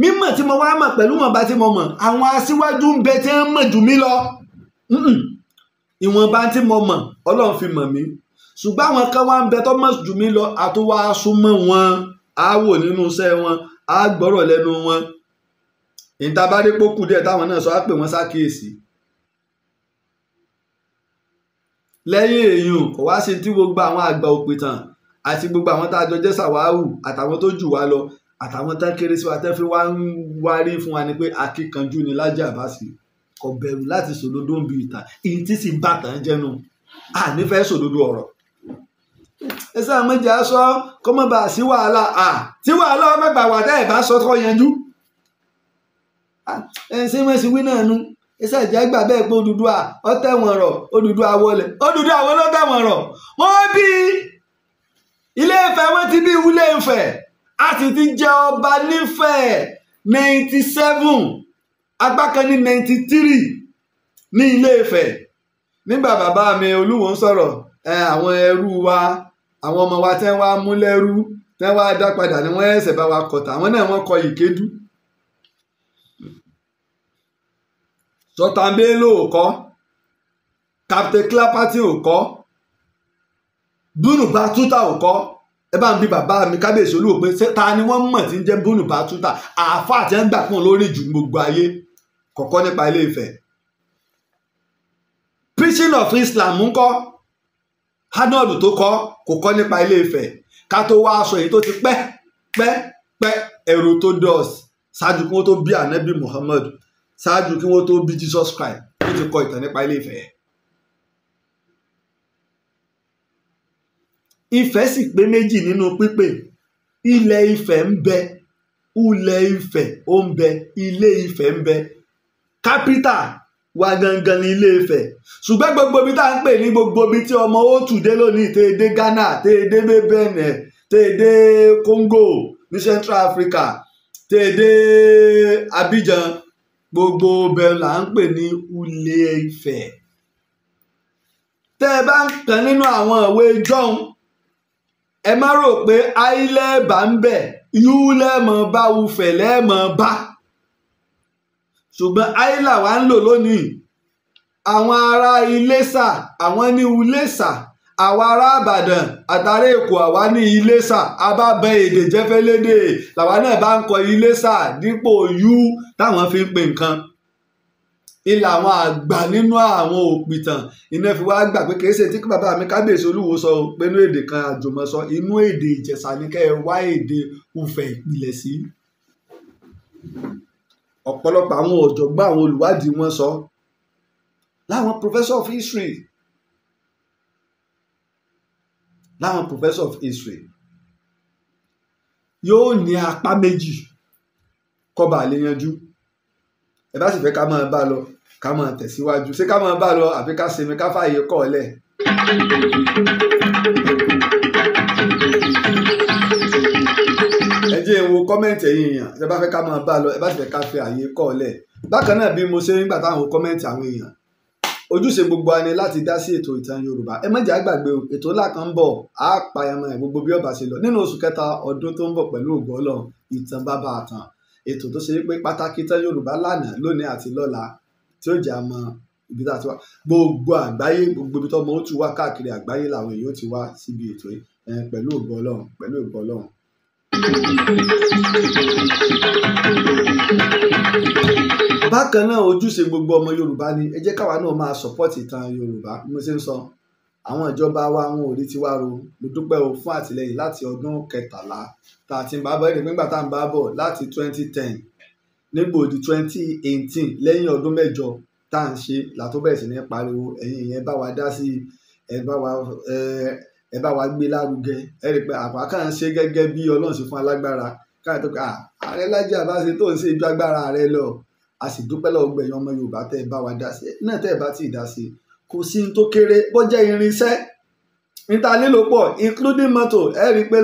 mímọ̀ tí mo wá mọ̀ pẹ̀lú ìwọ̀nba tí mo mọ̀ àwọn aṣíwájú ń bẹ tí wọ́n mọ̀ jù mí lọ ìwọ̀nba tí mo mọ̀ ọlọ́run fi mọ̀ mí ṣùgbọ́n àwọn kan wá ń bẹ tó mọ̀ jù mí lọ àtúwá wọn á wò nínú iṣẹ́ wọn á gbọ́rọ̀ lẹ́nu wọn ìtabádépò kù díẹ̀ táwọn náà sọ á pè wọ́n sákìyèsí lẹ́yìn èèyàn kò wá sí tí gbogbo àwọn àgbà òpìtàn àti gbogbo àwọn tá a jọ jẹ́ sàwáwù àtàwọn tó jù wá lọ àtàwọn tá kéré sí wa tẹ́ fi wá ń wárí fún wa ni pé akíkanjú ni Lájí Àbáàsì kò bẹ̀rù láti sòdodo ń bi ìtàn ìyí tí sì bàtà jẹ́nu à nífẹ̀ẹ́ sòdodo ọ̀rọ̀ ẹ sáà mọ̀jà sọ kọ́mọ̀bà sí wàhálà à tí wàhálà ọmọ gbà wà dá ìbá sọ tó yanjú ẹ ṣe mọ̀ sí wí náà nu ẹ sáà jẹ́ gbà bẹ́ẹ̀ pé Odùduwà ọ tẹ̀wọ̀n rọ̀ Odùduwà wọlé Odùduwà wọlé ọ tẹ̀wọ̀n rọ̀ bí Ilé-Ifẹ̀ wọ́n ti bí Ilé-Ifẹ̀ a sì ti jẹ ọba nífẹ̀ẹ́ ninety seven apá ní ninety three ní Ilé-Ifẹ̀ nígbà bàbá mi Olúwo ń sọ̀rọ̀ àwọn ẹrú wa àwọn ọmọ wa tẹ́ wá mú tẹ́ wá dá padà ni wọ́n ẹ̀sẹ̀ bá wa kọ̀tà àwọn náà wọ́n kọ ìkédú. sọtàn bello ò kọ́ captain clapperty ò kọ́ bùnú batuta ò kọ́ ẹ bá ń bí bàbá mi kábíyèsí olúwo pé ta ni wọ́n mọ̀ tí ń jẹ́ bùnú batuta àáfàá tí wọ́n gbà fún lórí ju gbogbo ayé kọ̀ọ̀kan nípa ilé Ifẹ̀ preaching of Islam ń kọ́ Arnold tó kọ́ kò kọ́ nípa Ilé Ifẹ̀ ká tó wá aṣọ èyí tó ti pẹ́ pẹ́ pẹ́ ẹ̀rù tó dọ̀s ṣáájú kí wọ́n tó bí Ànábì Muhammad ṣáájú kí wọ́n tó bí Jesus Christ wọ́n ti kọ ìtàn nípa Ilé Ifẹ̀ yẹn. Ifẹ̀ sì pé méjì nínú pípè ilẹ̀ Ifẹ̀ ń bẹ ulẹ̀ Ifẹ̀ ó ń bẹ ilé Ifẹ̀ ń bẹ kápítà wa gangan ní ilé Ifẹ̀ ṣùgbọ́n gbogbo ibi tá à ń pè ní gbogbo ibi tí ọmọ ó tùdé lónìí téèdé Ghana téèdé Benin téèdé Congo ní Central Africa téèdé Abidjan gbogbo ibẹ̀ là ń pè ní ulé Ifẹ̀ tẹ́ ẹ bá ń kàn nínú àwọn ìwé john ẹ má rò pé ayílẹ̀ bá ń bẹ̀ yúlẹ̀ mọ̀ bá ufẹ̀ lẹ́ẹ̀mọ̀ bá ṣùgbọ́n aila wa ń lò lónìí àwọn ará iléṣà àwọn ní iléṣà àwa ará àbàdàn àtàrà èkó àwa ní iléṣà abá bẹ èdè jẹfẹlédè làwa náà bá ń kọ iléṣà dípò yú táwọn fi ń pè nǹkan ilà àwọn àgbà nínú àwọn òpìtàn iná fi wá gbà pé kìí tí bàbá mi kábíyèsí olúwo sọ èdè kan àjùmọ̀sọ inú èdè ìjẹ̀ṣà ni kẹ́ ẹ wá èdè ufẹ̀ ìpìlẹ̀ sí ọ̀pọ̀lọpọ̀ àwọn ọ̀jọ̀gbọ́n àwọn olùwádìí wọn sọ láwọn professor of history láwọn professor of history yóò ní apá méjì kọba àlè yanjú ẹ bá sì fẹ́ ká máa bá lọ ká máa tẹ̀síwájú ṣé ká máa bá lọ àbí ká sinmi ká fààyè kọ́ ọ lẹ̀. jẹ́ n wo kọ́mẹ̀ntì ẹ̀yin èèyàn ẹ bá fẹ́ ká máa bá a lọ ẹ bá fẹ́ ká fi àyè kọ́ ọ lẹ̀ bákan náà bí mo ṣe ń gbà táwọn kọ́mẹ̀ntì àwọn èèyàn ojúṣe gbogbo ani láti dá sí ètò ìtàn yorùbá ẹ mọ̀jà gbàgbé ètò ńlá kan ń bọ̀ á payamọ ẹ̀ gbogbo bí ọba ṣe lọ nínú oṣù kẹta ọdún tó ń bọ̀ pẹ̀lú ògo ọlọ́run ìtàn bàbá àtàn ètò tó ṣe pé pàtàkì ìtàn yorùbá lánàá lónìí àti lọ́la tí ó jà mọ ibi tá a ti wá gbogbo àgbáyé gbogbo ibi tó mọ ó ti wá káàkiri àgbáyé làwọn èèyàn ti wá síbi ètò yìí pẹ̀lú ògo pẹ̀lú ògo bákan náà ojúṣe gbogbo ọmọ yorùbá ni ẹ jẹ́ káwa náà máa sọ́pọ́tì ìtàn yorùbá mo ṣe ń sọ àwọn ìjọba wa wọn ò rí tiwa ro mo dúpẹ́ o fún àtìlẹyìn láti ọdún kẹtàlá tá a ti ń bá bọ̀ ẹ̀rẹ̀ nígbà tá a ń bá bọ̀ láti twenty ten nígbò di twenty eighteen lẹ́yìn ọdún mẹ́jọ tá à ń ṣe làtó bẹ̀rẹ̀ sí ní pariwo ẹ̀yin ìyẹn bá wa dá sí ẹ bá wa ẹ bá wa gbé lárugẹ ẹ rí i pé àpá kàn ń ṣe gẹ́gẹ́ bí ọlọ́run ṣe fún alágbára káàtó ká ààrẹ Lájí Abbas tó ń ṣe ju agbára rẹ lọ a sì dúpẹ́ lọ́wọ́ gbẹ̀yìn ọmọ Yorùbá tẹ́ ẹ bá wa dá sí náà tẹ́ ẹ bá ti dá sí kò sí ní tó kéré bó jẹ́ irinṣẹ́ níta lílo pọ̀ including mọ́tò ẹ rí i pé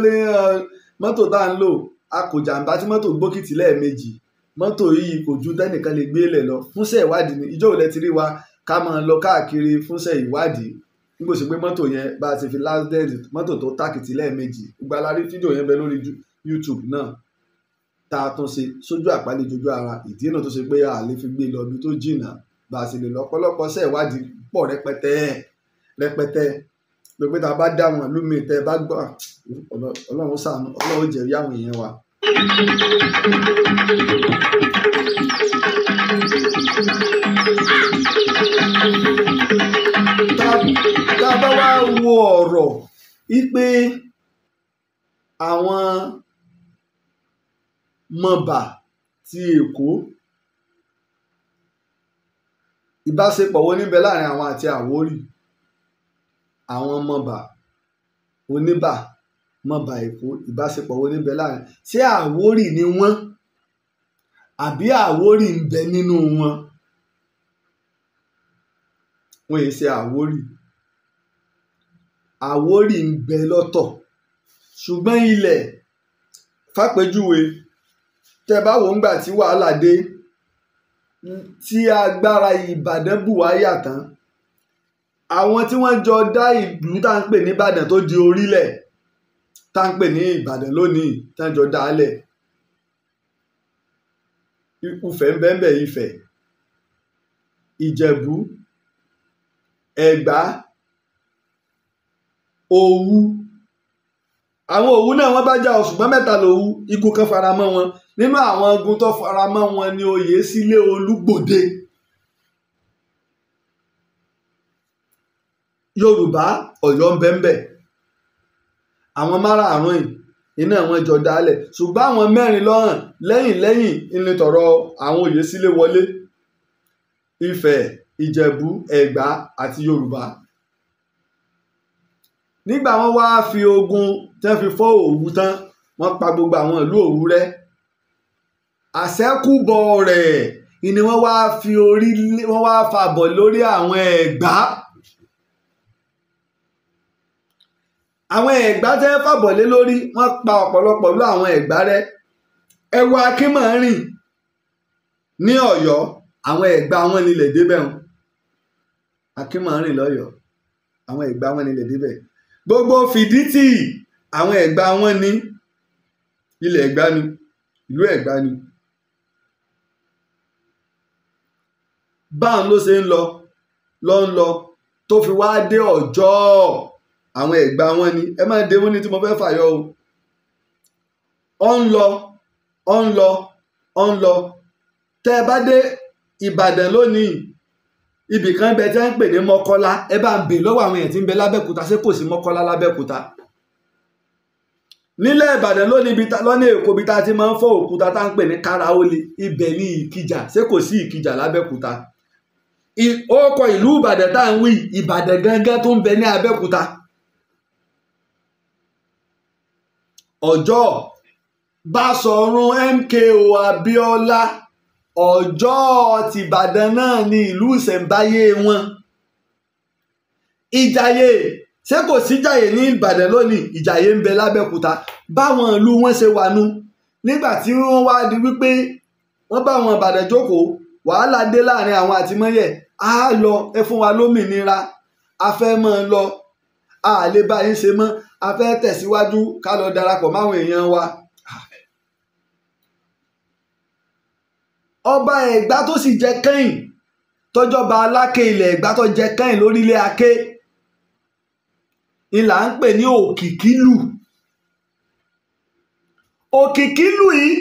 mọ́tò tá à ń lò a kò jàǹbá tí mọ́tò gbókìtì lẹ́ẹ̀mejì mọ́tò yìí kò ju tẹ́nìkan lè gbé lẹ̀ lọ fúnṣẹ́ ìwádìí ni ìjọ́ òlẹ̀ wa ká máa lọ káàkiri fúnṣẹ́ ìwádìí nígbò sí pé mọ́tò yẹn bá a ti fi last dead mọ́tò tó tákìtì lẹ́ẹ̀mejì gbalárí fídíò yẹn bẹ lórí YouTube náà tá a tún ṣe sójú àpálẹ̀jọjọ́ ara ìdí náà tó ṣe pé a lè fi gbé lọ ibi tó jìnnà bá a sì lè lọ́pọ̀lọpọ̀ ṣe ìwádìí pọ̀ rẹpẹtẹ rẹpẹtẹ lópin tá a bá dá wọn lómi tẹ bá gbọ́ ọlọ́run ṣàánú ọlọ́run jẹ̀rí àwọn èèyàn wa. Thank you bá wá wo ọ̀rọ̀ wípé àwọn mọ̀bà ti Èkó ìbáṣepọ̀ wo níbẹ̀ láàrin àwọn àti Àwórì àwọn mọ̀bà oníbà mọ̀bà Èkó ìbáṣepọ̀ wo níbẹ̀ láàrin ṣé Àwórì ni wọ́n àbí Àwórì ń bẹ nínú wọn wọ́n yìí ṣe Àwórì. Àwórì ń bẹ lọ́tọ̀ ṣùgbọ́n ilẹ̀ fápèjúwe tẹ́ bá wò ńgbà tí wàhálà dé tí agbára Ìbàdàn bù wá yà tán àwọn tí wọ́n jọ dá ìlú tá ń pè ní Ìbàdàn tó di orílẹ̀ tá ń pè ní Ìbàdàn lónìí tá ń jọ dá a lẹ̀ Ifẹ̀ ń bẹ ńbẹ̀ Ifẹ̀ Ìjẹ̀bú Ẹ̀gbá òwu àwọn òwu náà wọ́n bá jà ọ ṣùgbọ́n mẹ́ta lòwu ikú kan fara mọ́ wọn nínú àwọn ogun tó fara mọ́ wọn ni oyè sílé olúgbòde yorùbá ọ̀yọ́ ńbẹńbẹ àwọn márààrún yìí iná wọn jọ dálẹ̀ ṣùgbọ́n àwọn mẹ́rin lọ́rùn lẹ́yìn lẹ́yìn ìnitọrọ àwọn oyè sílé wọlé ifẹ̀ ìjẹ̀bú ẹ̀gbá àti yorùbá nígbà wọn wá fi ogun tán fi fọ́ Òwu tán wọ́n pa gbogbo àwọn ìlú Òwu rẹ́ àṣẹkùbọ̀ rẹ̀ ni wọ́n wá fi orí wọ́n wá fàbọ̀ lórí àwọn Ẹ̀gbá àwọn Ẹ̀gbá tẹ́ fàbọ̀ lé lórí wọ́n pa ọ̀pọ̀lọpọ̀ lọ àwọn Ẹ̀gbá rẹ́ ẹ wo Akínmọ̀rìn ní Ọ̀yọ́ àwọn Ẹ̀gbá wọn nílẹ̀ débẹ̀ wọn Akínmọ̀rìn lọ́yọ̀ọ́ àwọn Ẹ̀gbá wọn nílẹ̀ débẹ̀ gbogbo fìdítì àwọn ẹ̀gbá wọn ní ilẹ̀ ẹ̀gbá ni ìlú ẹ̀gbá ni báwọn ló ṣe ń lọ lọ ń lọ tó fi wá dé ọjọ́ àwọn ẹ̀gbá wọn ni ẹ má dé wọn ní tí mo fẹ́ fàyọ o ọ ń lọ ọ ń lọ ọ ń lọ tẹ́ ẹ bá dé Ìbàdàn lónìí ibì kan bẹ tí wọ́n ń pè ní mọ́kọ́lá ẹ bá ń bè lọ́wọ́ àwọn èèyàn tí ń bẹ lábẹ́kúta ṣé kò sí mọ́kọ́lá lábẹ́kúta nílẹ̀ ìbàdàn lọ́nà èkó bí tá a ti máa ń fọ́ òkúta tá à ń pè ní káraólì ibẹ̀ ní ìkìjà ṣé kò sí ìkìjà lábẹ́kúta orúkọ ìlú ìbàdàn tá à ń wí ìbàdàn gángan tó ń bẹ ní abẹ́kúta ọjọ́ Báṣọ̀run MKO Abíọ́lá ọjọ́ tìbàdàn náà ni ìlú ìṣẹ̀ǹbáyé wọn ìjàyè ṣé kò síjàyè ní ìbàdàn lónìí ìjàyè ń bẹ lábẹ́òkúta báwọn ìlú wọn ṣe wà nú nígbà tí wọ́n wá di wípé wọ́n bá àwọn ìbàdàn jókòó wàhálà dé láàrin àwọn àtìmọ́yẹ̀ á lọ ẹ fún wa lómìnira a fẹ́ mọ́ ọ lọ a lè bá yín ṣe mọ́ a fẹ́ tẹ̀síwájú ká lọ darapọ̀ máwọn èèyàn wa. ọba ẹ̀gbá tó sì jẹ kẹ́yìn tọ́jọba aláké ilẹ̀ ẹ̀gbá tó jẹ kẹ́yìn lórílẹ̀ aké ni là ń pè ní òkìkílù òkìkílù yìí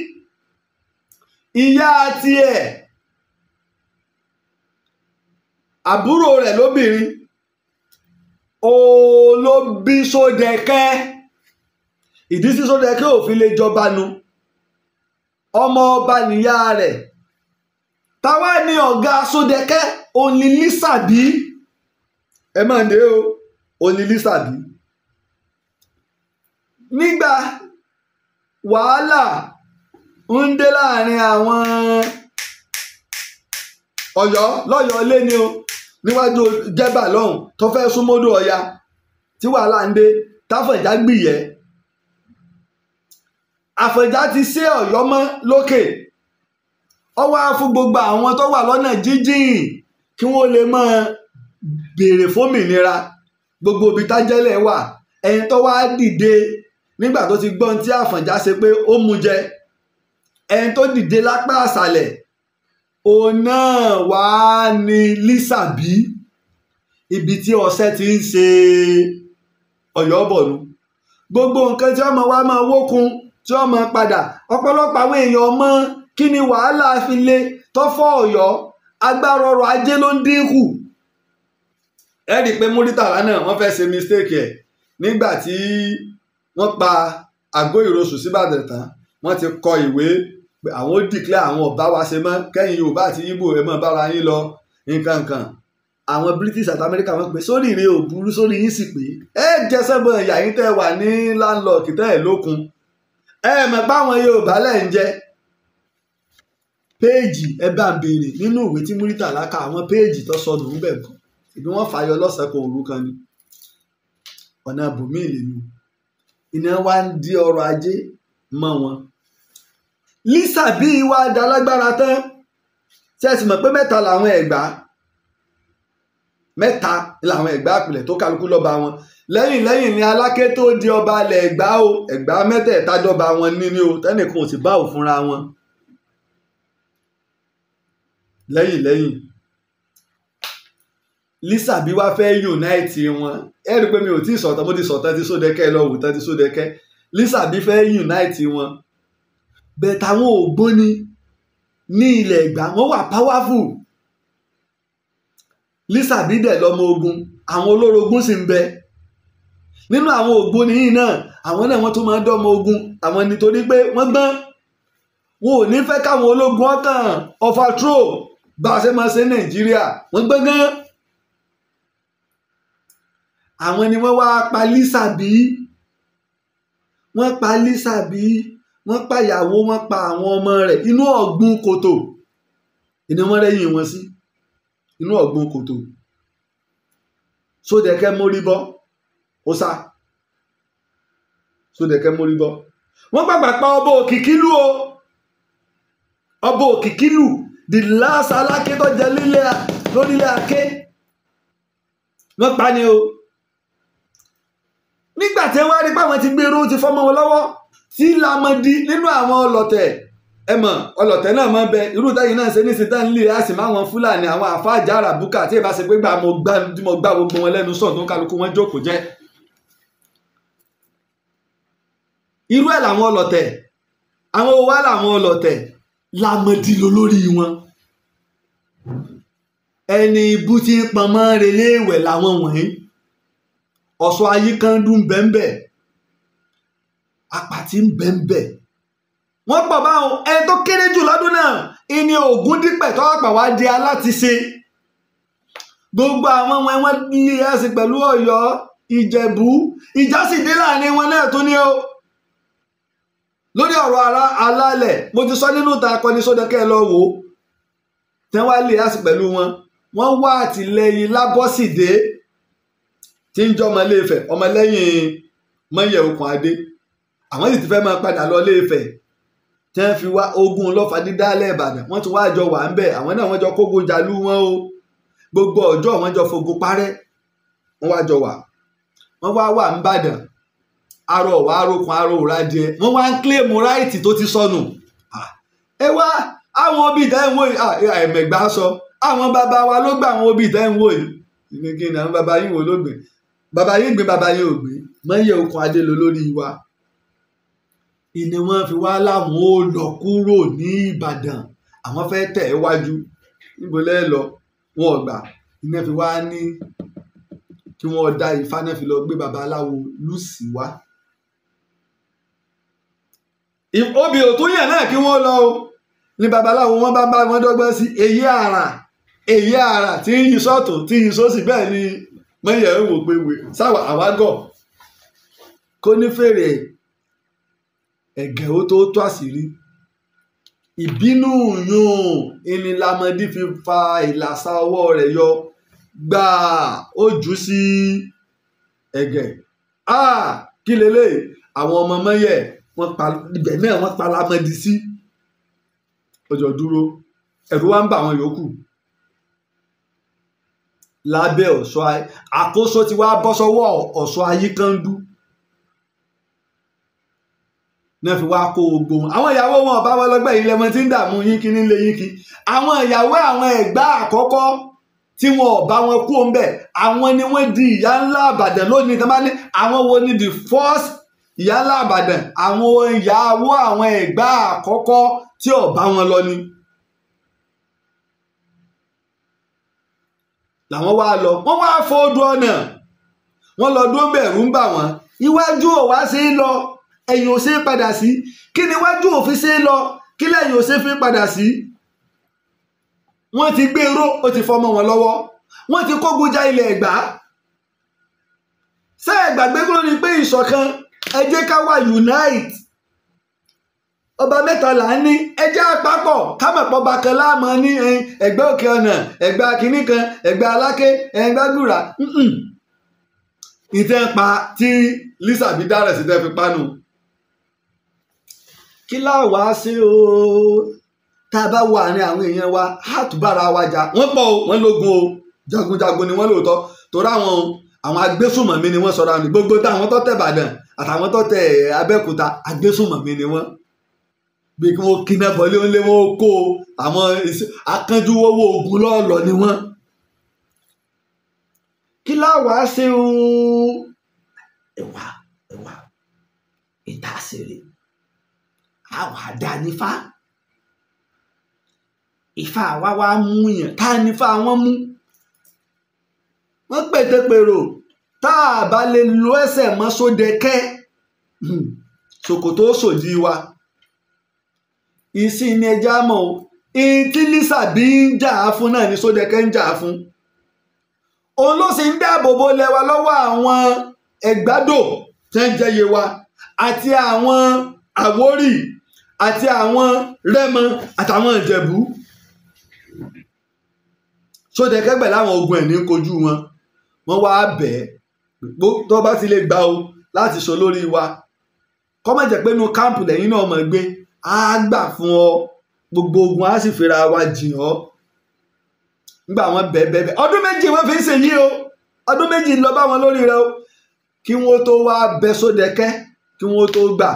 ìyá tiẹ̀ àbúrò rẹ̀ lóbìnrin olóbi sódẹ̀kẹ́ ìdí sí sódẹ̀kẹ́ òfin lè jọba nu ọmọ ọba nìyá rẹ̀ táwa ní ọ̀gá Sódẹ́kẹ́ Onílísàbí ẹ máa dé o Onílísàbí nígbà wàhálà ń dé láàrin àwọn Ọ̀yọ́ lọ́yọ̀ọ́ lé ni o níwájú jẹba lọ́hùn tó fẹ́ súnmọ́dọ̀ Ọya tí wàhálà ń dé táfọ̀njá gbìyẹ Àfọ̀njá ti ṣe Ọ̀yọ́ mọ́ lókè. Okay ọ wá fún gbogbo àwọn tó wà lọ́nà jíjìn kí wọ́n lè máa béèrè fómìnira gbogbo ibi tájẹ́lẹ̀ wà ẹni tó wá dìde nígbà tó ti gbọ́n tí Àfọ̀njá ṣe pé ó mu jẹ ẹni tó dìde lápá àṣàlẹ̀ òun náà wàá ní lísàbí ibi tí ọṣẹ ti ń ṣe Ọ̀yọ́ bọ̀nu gbogbo nǹkan tí ọmọ wa máa wókun tí ọmọ padà ọ̀pọ̀lọpọ̀ àwọn èèyàn máa kí ni wàhálà fi lé tọ́fọ́ ọ̀yọ́ agbára ọrọ̀ ajé ló ń dínkù ẹ rí i pé múrítàlá náà wọ́n fẹ́ ṣe mistake ẹ̀ nígbà tí wọ́n pa àgó ìrosùn síbàdàn tán wọ́n ti kọ ìwé àwọn ó declare àwọn ọ̀bá wa ṣe mọ́ kẹ́yìn Yorùbá àti Ìgbò ẹ̀ mọ́ bára yín lọ nǹkan kan àwọn British àti America wọ́n pè sórí ìrè òburú sórí yín sì pé ẹ jẹ sẹ́gbọ̀n ìyá yín tẹ́ wà ní landlock tẹ́ ẹ̀ lókun ẹ mọ̀ pé àwọn Yorùbá lẹ́ ń jẹ́ péèjì ẹ bá béèrè nínú ìwé tí Muritàlá ka àwọn péèjì tó sọnù ń bẹ̀ gan ìbí wọ́n fàyọ lọ́sàn-án ni ọ̀nà bùnmí ìlẹ́nu iná wa ń di ọrọ̀ ajé mọ́ wọn. lisa bí wa dalágbára tán ṣe sì mọ̀ pé mẹ́ta làwọn ẹ̀gbá mẹ́ta làwọn ẹ̀gbá àpilẹ̀ tó kálukú lọ́ba wọn lẹ́yìn lẹ́yìn ni aláké tó di ọba alẹ̀ ẹ̀gbá o ẹ̀gbá mẹ́tẹ̀ẹ̀ta dọ́ba wọn níní o tẹ́nìkan ò sì bá òfúnra wọn lẹ́yìn lẹ́yìn Lísàbí wá fẹ́ unite wọn ẹ rí i pé mi ò tí ì sọ̀tàn mo ti sọ̀tàn ti Sódẹ́kẹ́ lọ wò tán ti Sódẹ́kẹ́ Lísàbí fẹ́ unite wọn bẹ́ẹ̀ táwọn ògbóni ní ilẹ̀ ìgbà wọn wà powerful Lísàbí dẹ̀ lọ́mọ ogun àwọn olórogún sì ń bẹ nínú àwọn ògbóni yìí náà àwọn náà wọ́n tún máa ń dọ́mọ ogun àwọn nítorí pé wọ́n gbọ́n wọn ò ní fẹ́ káwọn ológun ọkàn overthrow bá a ṣe máa ṣe nàìjíríà wọ́n gbọ́ngàn àwọn ni wọ́n wá pa Lísàbí wọ́n pa Lísàbí wọ́n pa ìyàwó wọ́n pa àwọn ọmọ rẹ̀ inú ọ̀gbun kòtò ìní wọ́n rẹ́yìn wọn sí inú ọ̀gbun kòtò sódẹ̀kẹ́ mórí bọ́ ó sá sódẹ̀kẹ́ mórí bọ́ wọ́n pàgbà pa ọba òkìkílù o ọba òkìkílù the last aláké tó jẹ lílẹ̀ lórílẹ̀ aké wọ́n pa ni o nígbà tí wọ́n á rí pé àwọn ti gbèrú ti fọ́mọ wọn lọ́wọ́ tí lamọ̀dí nínú àwọn ọlọ̀tẹ̀ ẹ mọ̀ ọlọ̀tẹ̀ náà máa ń bẹ irú táyìn náà ṣe ní sita ń lè á sì máa wọn fúlàní àwọn àfáàjà àràbùkà tí ìbá ṣe pé gbà mo gbà mo gbà gbogbo wọn lẹ́nu sọ̀ tó ń kálukú wọn jókòó jẹ́ irú ẹ̀ làwọn ọlọ̀tẹ̀ àwọn owó wá làwọn ọlọ̀tẹ̀ lámọdí lólórí wọn ẹni ibú tí ń pamọ́ relé ìwẹ̀ làwọn wọ̀nyí ọ̀ṣọ́ ayé kan dún bẹ́ńbẹ́ àpàtì ń bẹ́ńbẹ́ wọ́n pọ̀ báwọn ẹni tó kéré jù lọ́dún náà ìní ògún dípẹ̀ tó àpà wá di alátiṣe gbogbo àwọn ọmọ ẹwọn ní ẹsìn pẹ̀lú Ọ̀yọ́ Ìjẹ̀bú ìjà dé láàrin wọn náà tó ní o lórí ọ̀rọ̀ ara alálẹ̀ mo ti sọ nínú ìta akọni sódẹ́kẹ́ lọ wò ó tẹ́ wá lè àsì pẹ̀lú wọn wọ́n wá àtìlẹ́yìn lábọ́sídé tí ń jọ́ ọmọléèfẹ̀ ọmọlẹ́yìn mọ́yẹ̀ okùn adé àwọn sì ti fẹ́ máa padà lọ léèfẹ̀ tí wọ́n fi wá ogun lọ́fà dídálẹ̀ ìbàdàn wọ́n ti wá àjọ wà ń bẹ̀ àwọn náà wọ́n jọ kógun jalú wọn o gbogbo ọjọ́ wọ́n jọ fogun parẹ́ wọ́n wá jọ wà wọ́n wá wà ń bàdàn arọ ọ̀wá arókun arọ òrà jẹ wọ́n wá ń kílèmù ráìtì tó ti sọnù ẹ wá àwọn obì ìdá ìwò ẹ̀mẹ̀gbá sọ àwọn bàbá wa ló gba àwọn obì ìdá ìwò yìí kí ni àwọn bàbá yìí wò ló gbé bàbá yìí gbé bàbá yìí ò gbé mọ́yẹ okùn adé lọ lórí wa ìní wọn fi wá láwọn ó lọ kúrò ní Ìbàdàn àwọn fẹ́ tẹ̀ ẹ́ wájú níbo lẹ́ lọ wọn gbà iná fi wá ní kí wọ́n dá Ifá náà fi lọ gbé babaláwo lùsì wá obì òtún yàn náà kí wọ́n lọ o ní babaláwo wọ́n bá bá wọn dọ́gbọ́n sí èyí àrà èyí àrà tí ń yí sọ́ọ̀tún tí ń yí sósì bẹ́ẹ̀ ni mọ́yẹ̀ ń wò pé sáwà àwágọ̀ kó ní fèrè ẹ̀gẹ̀ ó tó tó àṣírí ìbínú yùn ìnìlámọdé fi fa ìlàsà ọwọ́ rẹ̀ yọ gbàá ó sí ẹ̀gẹ̀ a kí lélẹ̀ àwọn ọmọ mọ́yẹ̀ wọ́n pa ibẹ̀ náà wọ́n pa lamọ́dì sí ọjọ́ dúró ẹ̀rù wa ń bà wọn yòókù lábẹ́ ọ̀ṣọ́ àkóso ti wá bọ́ sọ́wọ́ ọ̀ṣọ́ ayíkandú náà fi wá kó ogbó wọn àwọn ìyàwó wọn ọba wọn lọgbẹ ilẹ̀ wọn ti ń dààmú yínkí nílé yínkí àwọn ìyàwó àwọn ẹ̀gbá àkọ́kọ́ tí wọn ọba wọn kú òun bẹ̀ àwọn ni wọ́n di ìyá ńlá àbàdàn lónìí tó bá ní àwọn wo ni the first ìyálà àbàdàn àwọn ìyàwó àwọn ẹ̀gbá àkọ́kọ́ tí ò bá wọn lọ ni. làwọn wá lọ wọ́n wá fọdù ọ̀nà wọ́n lọ dúró bẹ̀rù ń bà wọ́n iwájú ò wá sí í lọ ẹ̀yìn ò sí í padà sí kí ni iwájú ò fi sí lọ kí lẹ́yìn ò sí fi padà sí. wọ́n ti gbé ró ó ti fọmọ wọn lọ́wọ́ wọ́n ti kógun já ilẹ̀ ẹ̀gbá. sẹ́ẹ̀ kúrò ní pé ìṣọ̀kan ẹ ká wà unite ọba mẹ́ta là ń ní ẹjẹ́ àpapọ̀ kámọ̀pọ̀ bá kan láàmọ́ ní ẹgbẹ́ òkè ọ̀nà ẹgbẹ́ akínní kan ẹgbẹ́ aláké ẹgbẹ́ gbùrà ìtẹ́ pa tí lisa bí dára sí tẹ́ fi pánu. kí láwa ṣe o tá a bá wà ní àwọn èèyàn wa á tún bára wa jà wọ́n pọ̀ wọ́n lógun o jagunjagun ni wọ́n lóòótọ́ torí àwọn àwọn agbésùmọ̀mí ni wọ́n sọ̀rọ̀ àná gbogbo táwọn tó tẹ̀ Ìbàdàn àtàwọn tó tẹ̀ Abẹ́òkúta agbésùmọ̀mí ni wọ́n bí kí wọ́n kíná bọ́lé wọn lé wọn kó àwọn akánjúwọ́wọ́ ogun lọ́ọ̀lọ́ ni wọ́n. kí láwàá ṣe o ẹ̀wà ẹ̀wà ìta àṣírí àwà dá nífà ìfà wa wá mú yàn tá nífà wọn mú wọ́n pètè pèrò tá a bá lè lo ẹsẹ̀ mọ́ sódẹ́kẹ́ hmm, ṣòkòtò sòdì wa ìsìn ni ẹja mọ̀ o ìtí lísàbí ń jà á fún náà ní sódẹ́kẹ́ ń jà á fún òun ló sì ń dáàbò bo lẹ́wà lọ́wọ́ àwọn ẹ̀gbádò tí ń jẹ́ yewa àti àwọn àwórì àti àwọn rẹ́mọ àtàwọn ìjẹ̀bú sódẹ́kẹ́ gbẹ̀ láwọn ogun ẹ̀ ní kojú wọn wọ́n wá bẹ̀ẹ́ tó bá ti lè gbà o láti sọ lórí wa kọ́mọ̀ jẹ́ pé inú káàmpù lẹ́yìn náà mọ̀ gbé á gbà fún ọ gbogbo ogun á sì fira wa jì ọ́ nígbà wọn bẹ́ẹ̀bẹ́ẹ̀ ọdún méjì wọn fi ń ṣèyí o ọdún méjì lọ bá wọn lórí rẹ o kí wọn tó wá bẹ sódẹkẹ kí wọn tó gbà